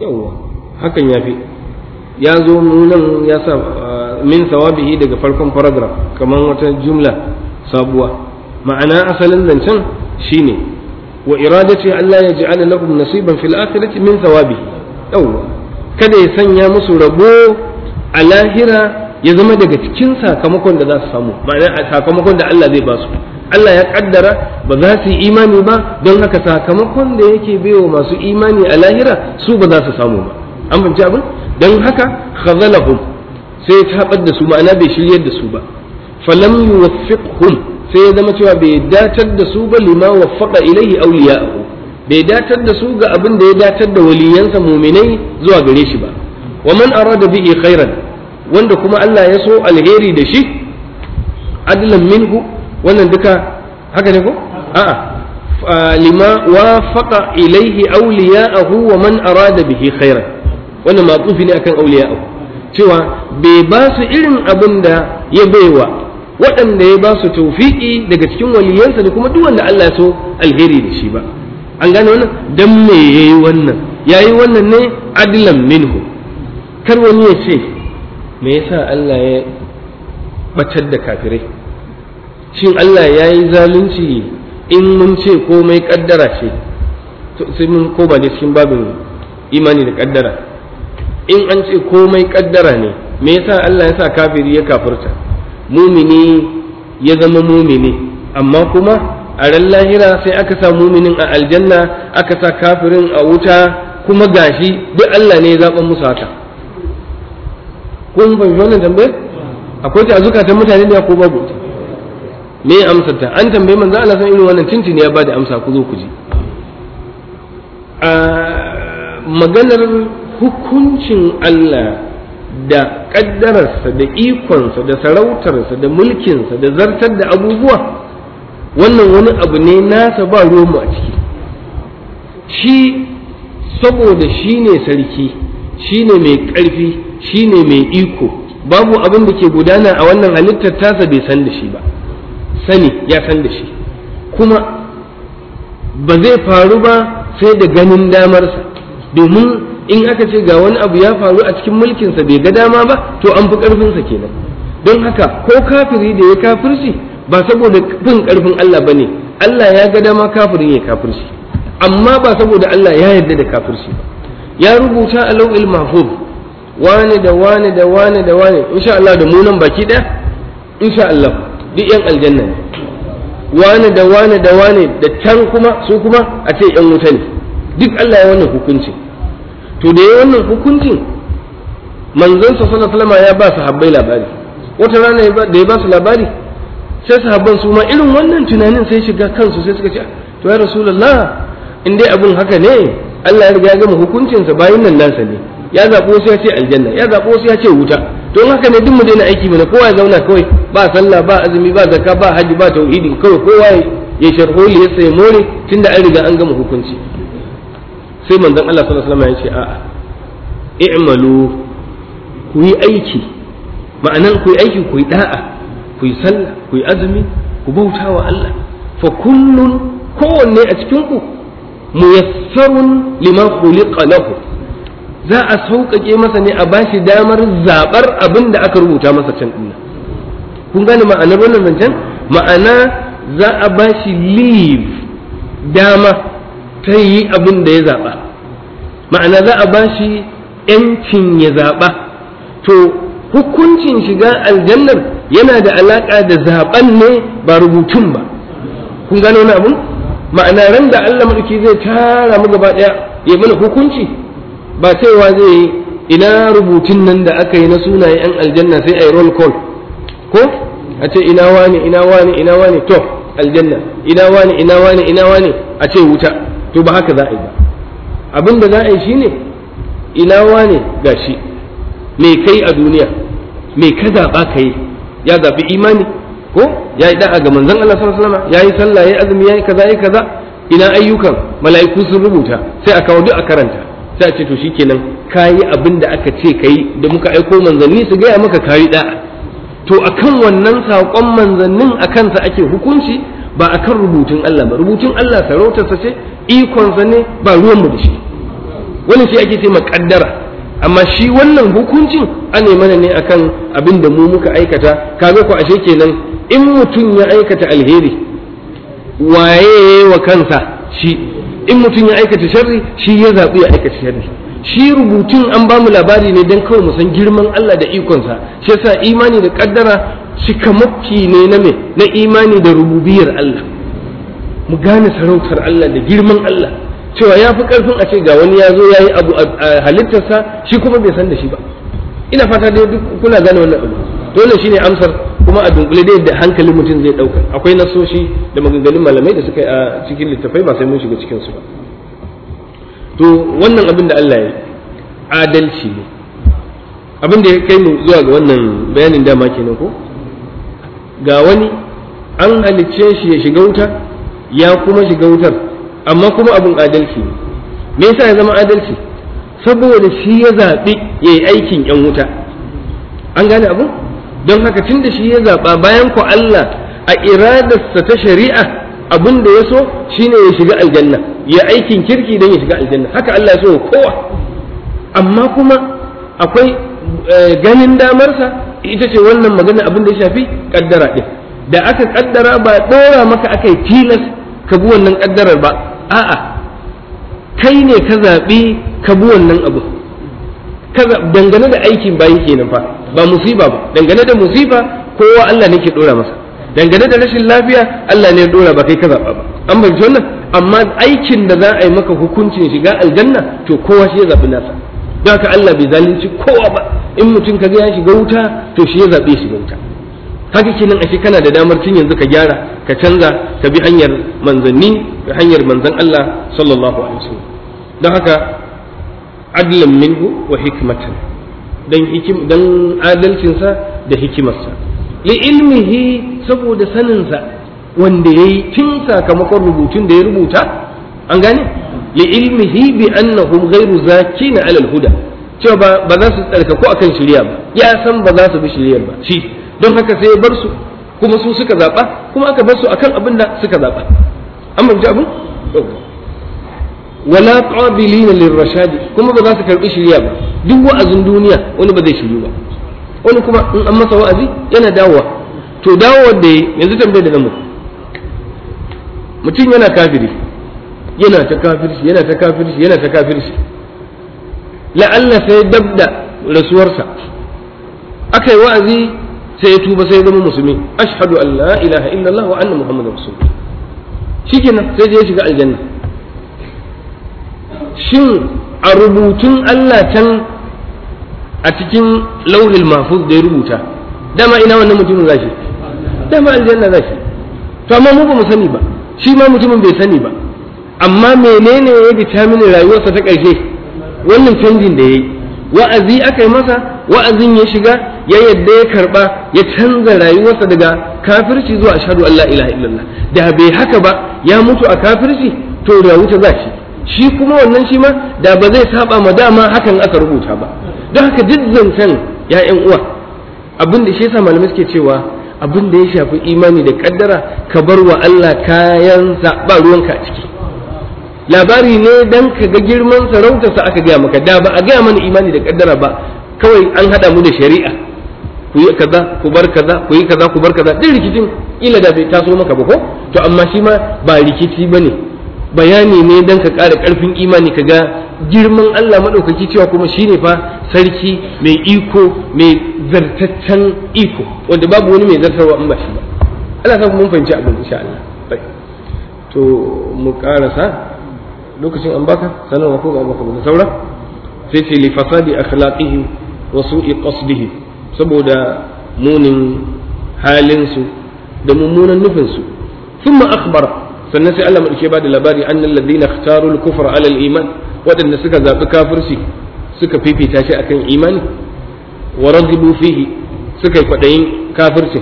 B: yawwa hakan ya fi ya zo nunan ya sa ah, min sawabihi daga farkon paragraph kamar wata jumla sabuwa ma'ana asalin zancen shine wa iradati Allah ya ji ala lakum nasiban fil akhirati min sawabi yawwa kada ya sanya musu rabo a lahira ya zama daga cikin sakamakon da za su samu ma'ana sakamakon da Allah zai ba su Allah ya kaddara ba za su yi imani ba don haka sakamakon da yake baiwa masu imani a lahira su ba za su samu ba an fahimci abin don haka khazalahum sai ya tabar da su ma'ana bai shiryar da su ba falam yuwaffiqhum sai ya zama cewa bai datar da su ba lima waffaqa ilaihi awliya'ahu bai datar da su ga abin da ya datar da waliyansa muminai zuwa gare shi ba wa man arada bihi khairan wanda kuma Allah ya so alheri da shi adlan minhu wannan duka haka ne ko a'a lima faqa ilaihi awliya'ahu wa man arada bihi khairan wannan maqufi ne akan awliya'ahu cewa bai ba su irin abin ya baiwa waɗanda ya ba su tawfiqi daga cikin waliyansa da kuma duk wanda Allah so alheri da shi ba an gane wannan dan me yayi wannan yayi wannan ne adlan minhu kar wani ya ce me yasa Allah ya batar da kafirai shin Allah ya yi zalunci in mun ce komai kaddara ce sai mun ko ba ne cikin babin imani da kaddara in an ce komai kaddara ne me yasa Allah ya sa kafiri ya kafirta mumini ya zama mumini amma kuma a ran lahira sai aka sa muminin a aljanna aka sa kafirin a wuta kuma gashi duk Allah ne ya zaɓa musu haka kun fahimci wannan tambayar akwai ta zukatan mutane da ko babu ita me amsa ta an tambayi manzo Allah san irin wannan tintin ya bada amsa ku zo ku ji a maganar hukuncin Allah da ƙaddararsa da ikonsa da sarautarsa da mulkinsa da zartar da abubuwa wannan wani abu ne nasa ba roma a ciki shi saboda shi ne sarki shi ne mai ƙarfi shi ne mai iko babu abin da ke gudana a wannan halittar tasa bai san da shi ba sani ya san da shi kuma ba zai faru ba sai da ganin damarsa domin in aka ce ga wani abu ya faru a cikin mulkinsa bai ga dama ba to an fi ƙarfinsa kenan don haka ko kafiri da ya kafirci ba saboda bin ƙarfin Allah ba ne Allah ya ga dama kafirin ya kafirci amma ba saboda Allah ya yarda da kafirci ba ya rubuta a lau'il mahfuz wane da wane da wane da wane insha da mu baki ɗaya insha duk yan aljanna ne wani da wani da wani da can kuma su kuma a ce yan wuta ne duk Allah ya wannan hukunci to da ya wannan hukuncin manzon sa sallallahu alaihi ya ba su labari wata rana da ya ba su labari sai sahabban su ma irin wannan tunanin sai shiga kansu sai suka ce to ya rasulullah in dai abin haka ne Allah ya riga ya gama hukuncinsa bayan nan nasa ne ya zabo sai ya ce aljanna ya zabo sai ya ce wuta don haka ne duk mu daina aiki mana kowa ya zauna kawai ba sallah ba azumi ba zakka ba haji, ba tauhidi kawai kowa ya sharholi ya sai more tunda an riga an gama hukunci sai manzon Allah sallallahu alaihi wasallam ya ce a'a i'malu ku yi aiki ma'anan ku yi aiki ku yi da'a ku yi sallah ku yi azumi ku bauta wa Allah fa kullun kowanne a cikin ku muyassarun lima khuliqa lahu za a sauƙaƙe masa ne a bashi damar zaɓar abin da aka rubuta masa can ɗina kun gane ma'anar wannan zancen ma'ana za a bashi leave dama ta yi abin da ya zaɓa ma'ana za a bashi ‘yancin ya zaɓa to hukuncin shiga aljannar yana da alaƙa da zaɓan ne ba rubutun ba kun gane wani abun ma'ana ran da Allah maɗauki zai tara mu gaba ɗaya ya mana hukunci ba cewa zai yi ina rubutun nan da aka yi na sunaye yan aljanna sai a yi roll call ko a ce ina wani ina wani ina wani to aljanna ina wani ina wani ina wani a ce wuta to ba haka za a yi ba abin da za a yi shi ne, ina wani gashi me kai a duniya me ka zaɓa ka yi ya zaɓi imani ko ya yi da'a ga manzon Allah sallallahu alaihi wasallam ya yi sallah ya yi azumi ya yi kaza ya kaza ina ayyukan mala'iku sun rubuta sai a kawo duk a karanta sai ce to shikenan kayi abin da aka ce kayi da muka aiko manzanni su gaya maka kayi da'a to akan wannan saƙon manzannin a kansa ake hukunci ba akan rubutun Allah ba rubutun Allah sarautarsa ce ikonsa ne ba ruwan mu da shi wani shi ake ce kaddara amma shi wannan hukuncin an mana ne akan abin da mu muka aikata kaga ko ashe kenan in mutum ya aikata alheri waye wa kansa shi in mutum ya aikata sharri shi ya zaɓi ya aikata sharri shi rubutun an ba mu labari ne don kawai mu san girman Allah da ikonsa shi yasa imani da kaddara kamakki ne na me na imani da rububiyar Allah mu gane sarautar Allah da girman Allah cewa ya fi karfin a ce ga wani ya zo ya yi abu a halittarsa shi kuma bai san da shi ba ina fata dai duk kuna gane wannan abu dole shine amsar kuma a dunkule da yadda hankalin mutum zai dauka akwai nasoshi da maganganun malamai da suka yi a cikin littafai ba sai mun shiga cikin su ba to wannan abin da Allah ya adalci ne abin da ya kai mu zuwa ga wannan bayanin dama kenan ko ga wani an halicce shi ya shiga wuta ya kuma shiga wutar amma kuma abin adalci ne me yasa ya zama adalci saboda shi ya zaɓi ya yi aikin 'yan wuta an gane abin don haka tun da shi ya zaɓa bayan ku Allah a iradarsa ta shari'a abin da ya so shine ya shiga aljanna ya aikin kirki don ya shiga aljanna haka Allah ya so kowa amma kuma akwai eh, ganin damarsa ita ce wannan magana abin da ya shafi kaddara ɗin da aka kaddara ba ɗora maka aka yi tilas ka bi wannan kaddarar ba a'a kai ne ka zaɓi ka bi wannan abin? kaza dangane da aikin bayi kenan fa ba musiba ba dangane da musiba kowa Allah ne ke dora masa dangane da rashin lafiya Allah ne ya dora ba kai kaza ba an bai wannan amma aikin da za a yi maka hukuncin shiga aljanna to kowa shi ya zabi nasa don haka Allah bai zalunci kowa ba in mutum ga ya shiga wuta to shi ya zabe shi wuta haka kenan ashe kana da damar tun yanzu ka gyara ka canza ka bi hanyar manzanni ka hanyar manzan Allah sallallahu alaihi wasallam don haka adlan minhu wa hikmatan dan hikim dan adalcinsa da hikimarsa li ilmihi saboda saninsa wanda yayi tun sakamakon rubutun da ya rubuta an gane li ilmihi bi annahum ghairu zakina ala alhuda cewa ba za su ko akan shirya ba ya san ba za su bi shiryar ba shi don haka sai ya bar su kuma su suka zaba kuma aka bar su akan abin da suka zaba an babu abin wala qabilina lirrashadi kuma ba za su karbi shiriya ba duk wa'azin duniya wani ba zai shiryu ba wani kuma in an masa wa'azi yana dawowa to dawowar da yanzu tambayar da namu mutum yana kafiri yana ta kafirci yana ta kafirci yana ta kafirci la'alla sai dab da rasuwarsa wa'azi sai ya tuba sai ya zama musulmi ya shiga aljanna shin a rubutun Allah can a cikin lauhil mafuz da ya rubuta dama ina wannan mutumin zashi dama aljanna zashi to amma mu ba mu sani ba shi ma mutumin bai sani ba amma menene ya mini rayuwarsa ta ƙarshe wannan canjin da ya yi? wa'azi aka yi masa wa'azin ya shiga ya yadda ya karba ya canza rayuwarsa daga kafirci zuwa ashhadu an la ilaha illallah da bai haka ba ya mutu a kafirci to da ta zashi shi kuma wannan shi ma da ba zai saba ma dama hakan aka rubuta ba don haka duk zancen ya'yan uwa abin da shi yasa malamai suke cewa abin da ya shafi imani da kaddara ka bar wa Allah kayan ba ruwanka a ciki labari ne dan ka ga girman sa aka gaya maka da ba a gaya mana imani da kaddara ba kawai an hada mu da shari'a ku yi kaza ku bar kaza ku yi kaza ku bar kaza din rikicin ila da bai taso maka ba ko to amma shi ma ba rikici bane bayani ne don ka ƙara ƙarfin imani ka ga girman Allah maɗaukaki cewa kuma shine fa sarki mai iko mai zartaccen iko wanda babu wani mai zartarwa in ba shi ba Allah sa mun fahimci abin insha Allah to mu ƙarasa lokacin an baka sanarwa ko ba baka ba saura sai ce li fasadi akhlaqihi wa su'i qasdihi saboda munin halinsu da mummunan nufinsu thumma akhbara sannan sai Allah madauke ba da labari annal ladina ikhtaru al-kufra ala al-iman wadanda suka zabi kafirci suka fifita shi akan imani wa radibu fihi suka yi kwadayin kafirci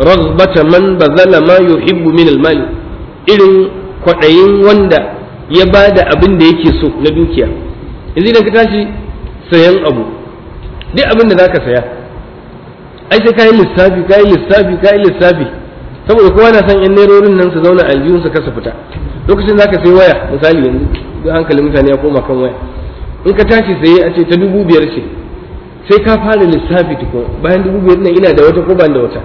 B: razbata man bazala ma yuhibbu min al-mal irin kwadayin wanda ya bada abin da yake so na dukiya yanzu idan ka tashi sayan abu duk abin da zaka saya ai sai kayi lissafi kayi lissafi kayi lissafi saboda kowa na san yan nerorin nan su zauna a kar su fita lokacin za ka sai waya misali yanzu duk hankalin mutane ya koma kan waya in ka tashi sai a ce ta dubu biyar ce sai ka fara lissafi tukun bayan dubu biyar nan ina da wata ko ban da wata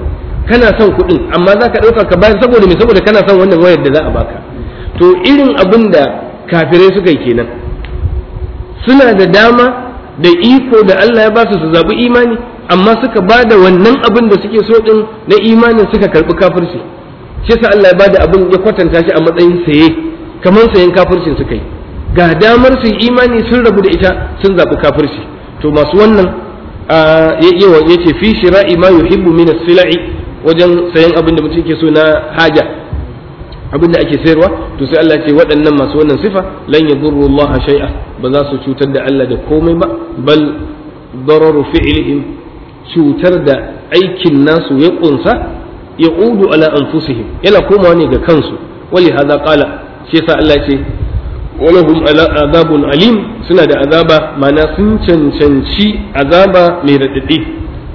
B: kana son kuɗin amma za ka ɗauka ka bayar saboda me saboda kana son wannan wayar da za a baka to irin abin da kafirai suka yi kenan suna da dama da iko da Allah ya ba su su zaɓi imani amma suka ba da wannan abin da suke so din na imanin suka karbi kafirci shi yasa Allah ya bada abin ya kwatanta shi a matsayin saye kamar sayen kafircin suka yi ga damar su imani sun rabu da ita sun zaɓi kafirci to masu wannan ya ce fi shira'i ma yuhibbu min as-sila'i wajen sayen abin da mutum ke so na haja abin da ake sayarwa to sai Allah ce waɗannan masu wannan sifa lan yadurru Allah shay'a ba za su cutar da Allah da komai ba bal dararu fi'lihim cutar da aikin nasu ya kunsa ya udu ala anfusihim yana komawa ne ga kansu wali hadha qala shi yasa Allah ce walahum azabun alim suna da azaba mana sun cancanci azaba mai radadi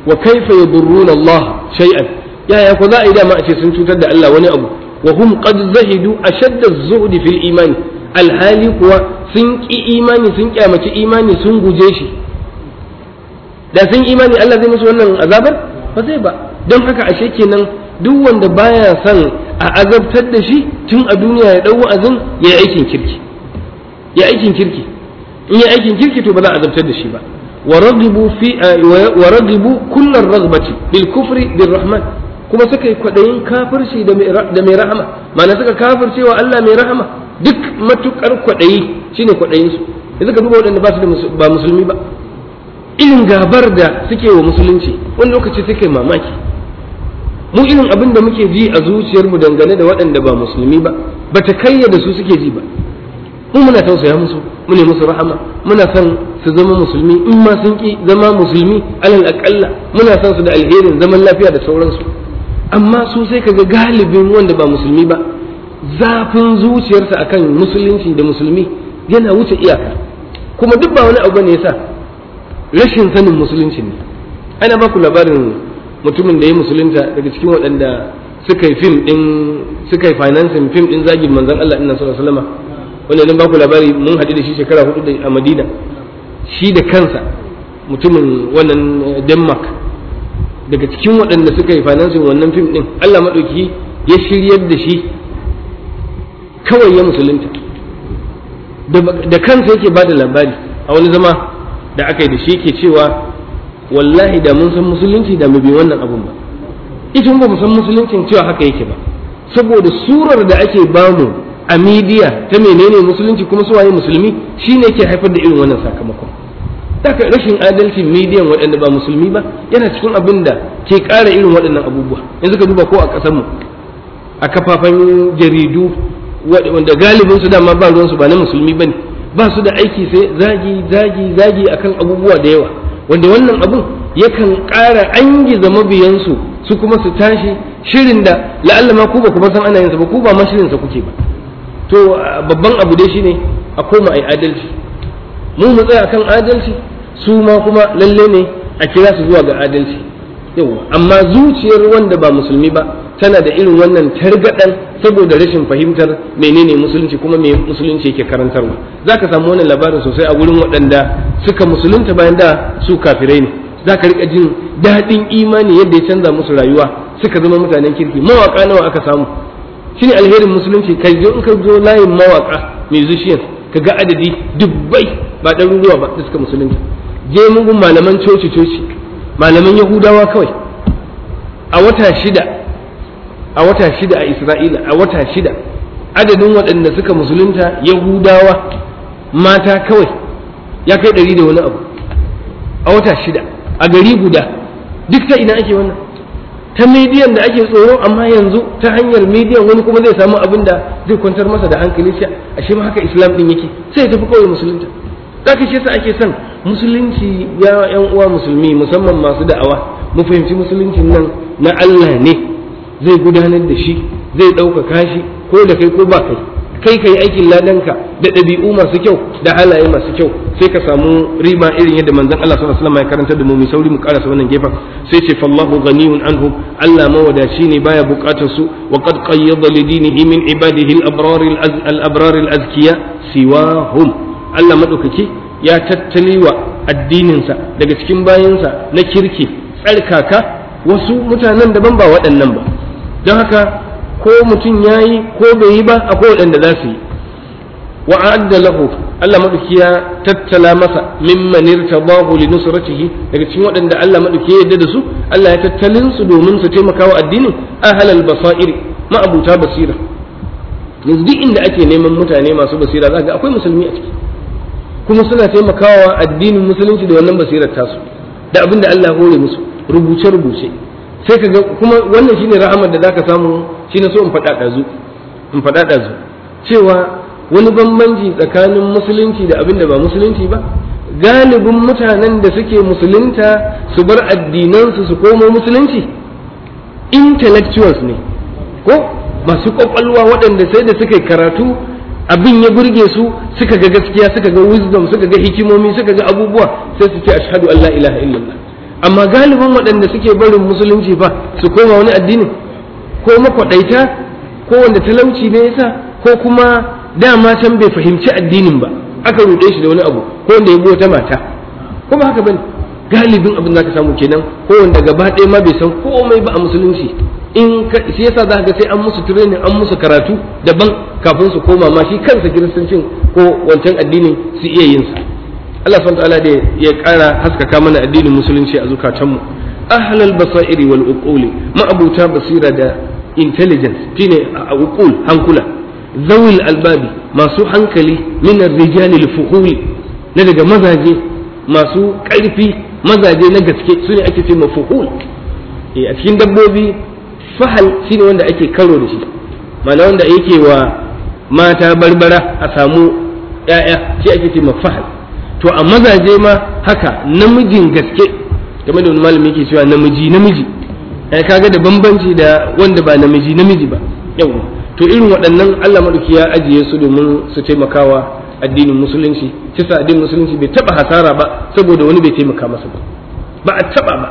B: wa kaifa yadurruna Allah shay'an yaya ko za a yi dama a ce sun cutar da Allah wani abu wa hum qad zahidu ashadda az-zuhdi fil iman alhali kuwa sun ki imani sun kyamaci imani sun guje shi da sun imani Allah zai musu wannan azabar ba zai ba don haka ashe kenan duk wanda baya son a azabtar da shi tun a duniya ya dau wa'azin ya aikin kirki ya aikin kirki in ya aikin kirki to ba za a azabtar da shi ba wa raghibu fi wa raghibu kullar ragbati bil kufri bir rahman kuma suka yi kwadayin kafirci da mai rahama ma'ana suka kafirce wa Allah mai rahama duk matukar kwadayi shine kwadayin su ka duba waɗanda ba su da ba musulmi ba irin gabar da suke wa musulunci wani lokaci suke mamaki mu irin abin da muke ji a zuciyar mu dangane da waɗanda ba musulmi ba ba ta da su suke ji ba mu muna tausaya musu mu ne musu rahama muna san su zama musulmi in ma sun ki zama musulmi alal akalla muna son su da alherin zaman lafiya da sauransu amma su sai kaga galibin wanda ba musulmi ba zafin zuciyarsa akan musulunci da musulmi yana wuce iyaka kuma duk ba wani abu ne yasa rashin sanin musulunci ne ana ba ku labarin mutumin da ya musulunta daga cikin waɗanda suka yi fim din suka yi financing fim din zagin manzon Allah inna sallallahu alaihi wasallam wanda nan ba ku labari mun haɗu da shi shekara hudu da a Madina shi da kansa mutumin wannan eh, Denmark daga cikin waɗanda suka yi financing wannan fim din Allah madauki ya shiryar da shi kawai ya musulunta da kansa yake ba da labari a wani zama da aka yi da shi ke cewa wallahi da mun san musulunci da mu bi wannan abun ba ita ba mu san musuluncin cewa haka yake ba saboda surar da ake bamu a midiya ta menene musulunci kuma su waye musulmi shine ke haifar da irin wannan sakamakon daga rashin adalcin midiyan waɗanda ba musulmi ba yana cikin abin da ke ƙara irin waɗannan abubuwa yanzu ka duba ko a mu. a kafafen jaridu wanda galibinsu dama ba ruwansu ba na musulmi ba ne ba su da aiki sai zagi zagi zagi akan abubuwa da yawa wanda wannan abun yakan ƙara angiza mabiyansu su kuma su tashi shirin da la'alla ma ku ba kuma san ana yin sa ba ku ba ma shirin sa kuke ba to babban abu dai shine a koma ai adalci mu mu tsaya kan adalci su ma kuma lalle ne a kira su zuwa ga adalci yawa amma zuciyar wanda ba musulmi ba tana da irin wannan targaɗan saboda rashin fahimtar menene musulunci kuma me musulunci yake karantarwa za ka samu wannan labarin sosai a wurin waɗanda suka musulunta bayan da su kafirai ne za ka riƙa jin daɗin imani yadda ya canza musu rayuwa suka zama mutanen kirki mawaƙa nawa aka samu shine alherin musulunci kai zo in ka zo layin mawaƙa musicians ka ga adadi dubbai ba ɗaruruwa ba da suka musulunci je mugun malaman coci coci malaman yahudawa kawai a wata shida a wata shida a isra'ila a wata shida adadin waɗanda suka musulunta yahudawa mata kawai ya kai ɗari da wani abu a wata shida a gari guda duk ta ina ake wannan ta midiyan da ake tsoro amma yanzu ta hanyar midiyan wani kuma zai samu abin da zai kwantar masa da hankali shi ashe ma haka islam din yake sai tafi kawai musulunta zaka shi yasa ake son musulunci ya yan uwa musulmi musamman masu da'awa mu fahimci musuluncin nan na Allah ne zai gudanar da shi zai ɗaukaka shi ko da kai ko ba kai kai kai aikin ladanka da ɗabi'u masu kyau da halaye masu kyau sai ka samu riba irin yadda manzon Allah sallallahu alaihi wasallam ya karanta da mu mai sauri mu karasa wannan gefen sai ce fallahu ghaniyun anhum Allah mawadaci ne baya bukatar su wa qad qayyada li dinihi min ibadihi al-abrar al-abrar al-azkiya siwahum Allah madaukaki ya tattali wa addininsa daga cikin bayansa na kirki tsarkaka wasu mutanen daban ba waɗannan ba don haka ko mutum ya yi ko bai yi ba akwai waɗanda za su yi wa adda lahu Allah madauki ya tattala masa mimman irtadahu li nusratihi daga cikin waɗanda Allah madauki ya yarda da su Allah ya tattalin su domin su taimaka wa addinin ahlal basairi ma'abuta basira yanzu inda ake neman mutane masu basira za ga akwai musulmi a ciki kuma suna taimakawa addinin musulunci da wannan basirar tasu da abin da Allah hore musu rubuce rubuce sai ka ga kuma wannan shine rahamar da za ka samu shine so in faɗa ɗazu in faɗa ɗazu cewa wani bambanci tsakanin musulunci da abin da ba musulunci ba galibin mutanen da suke musulunta su bar addinansu su koma musulunci intellectuals ne ko masu kwakwalwa waɗanda sai da suka karatu abin ya burge su suka ga gaskiya suka ga wisdom suka ga hikimomi suka ga abubuwa sai su ce ashhadu an la ilaha illallah amma galibin waɗanda suke barin musulunci fa su koma wani addini ko makwaɗaita ko wanda talauci ne yasa ko kuma dama can bai fahimci addinin ba aka ruɗe shi da wani abu ko wanda ya bi wata mata ko ba haka bane galibin abin za ka samu kenan ko wanda gaba ɗaya ma bai san komai ba a musulunci in ka, shi yasa za ga sai an musu training an musu karatu daban kafin su koma ma shi kansa kiristancin ko wancan addinin su iya yin sa Allah subhanahu ta'ala da ya ƙara haskaka mana addinin musulunci a zukatanmu ahlal basairi wal uquli ma'abuta basira da intelligence shine a uqul hankula zawil albabi masu hankali min ar-rijali al-fuhuli na daga mazaje masu ƙarfi mazaje na gaske su ne ake ce E, a cikin dabbobi fahal shine wanda ake karo da shi ma'ana wanda yake wa mata barbara a samu 'ya'ya shi ake ce fahal. to a mazaje ma haka namijin gaske game da wani malami yake cewa namiji namiji ai eh, kaga da bambanci da wanda ba namiji namiji ba yau to irin waɗannan Allah madauki ya ajiye su domin su taimakawa addinin musulunci kisa addinin musulunci bai taba hasara ba saboda wani bai taimaka masa ba ba a taba ba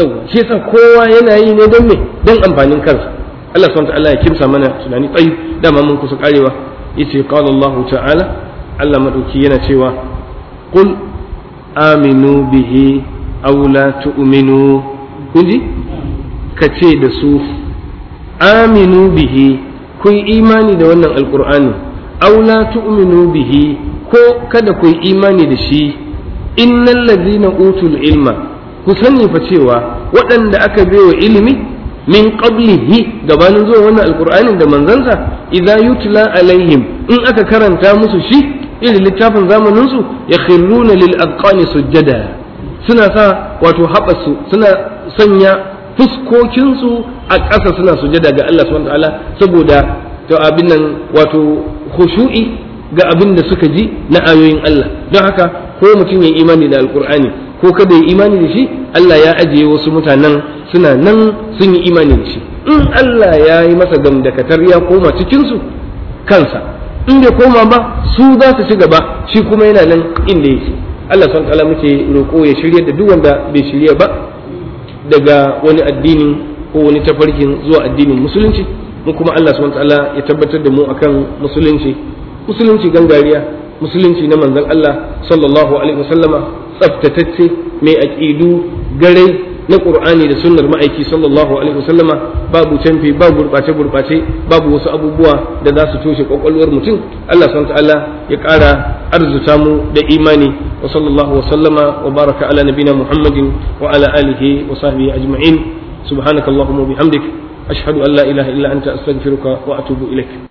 B: yau shi yasa kowa yana yi ne don me don amfanin kansa Allah subhanahu ta'ala ya kimsa mana tunani tsayi dama mun kusa karewa yace qala Allah ta'ala Allah madauki yana cewa qul aminu bihi aw la tu'minu kace da aminu bihi kuyi imani da wannan alqur'ani aw la bihi ko kada kuyi imani da shi innal ladzina utul ilma ku sani fa cewa waɗanda aka baiwa ilimi min qablihi gabanin zuwa wannan alqur'anin da manzansa idza yutla alaihim in aka karanta musu shi irin littafin zamaninsu ya yakhruna lil azqani sujjada suna sa wato haɓasu suna sanya fuskokinsu a ƙasa suna sujada ga Allah subhanahu ta'ala saboda to abin nan wato hushu'i ga abin da suka ji na ayoyin Allah don haka ko mutum ya imani da alkur'ani ko kada ya imani da shi Allah ya ajiye wasu mutanen suna nan sun yi imani da shi in Allah ya yi masa gamdakatar ya koma cikinsu kansa in bai koma ba su za su ci gaba shi kuma yana nan inda yake Allah san kala muke roƙo ya shirya da duk wanda bai shirya ba daga wani addini ko wani tafarkin zuwa addinin musulunci mu kuma Allah subhanahu ta'ala ya tabbatar da mu akan musulunci musulunci gangariya musulunci na manzon Allah sallallahu alaihi wasallama tsaftatacce mai aqidu garai na qur'ani da sunnar ma'aiki sallallahu alaihi wasallama babu canfi babu gurbace gurbace babu wasu abubuwa da za su toshe kwakwalwar mutum Allah subhanahu ta'ala ya kara arzuta mu da imani wa sallallahu wa sallama wa baraka ala nabina muhammadin wa ala alihi wa sahbihi ajma'in subhanakallahumma wa bihamdik ashhadu an la ilaha illa anta astaghfiruka wa atubu ilaik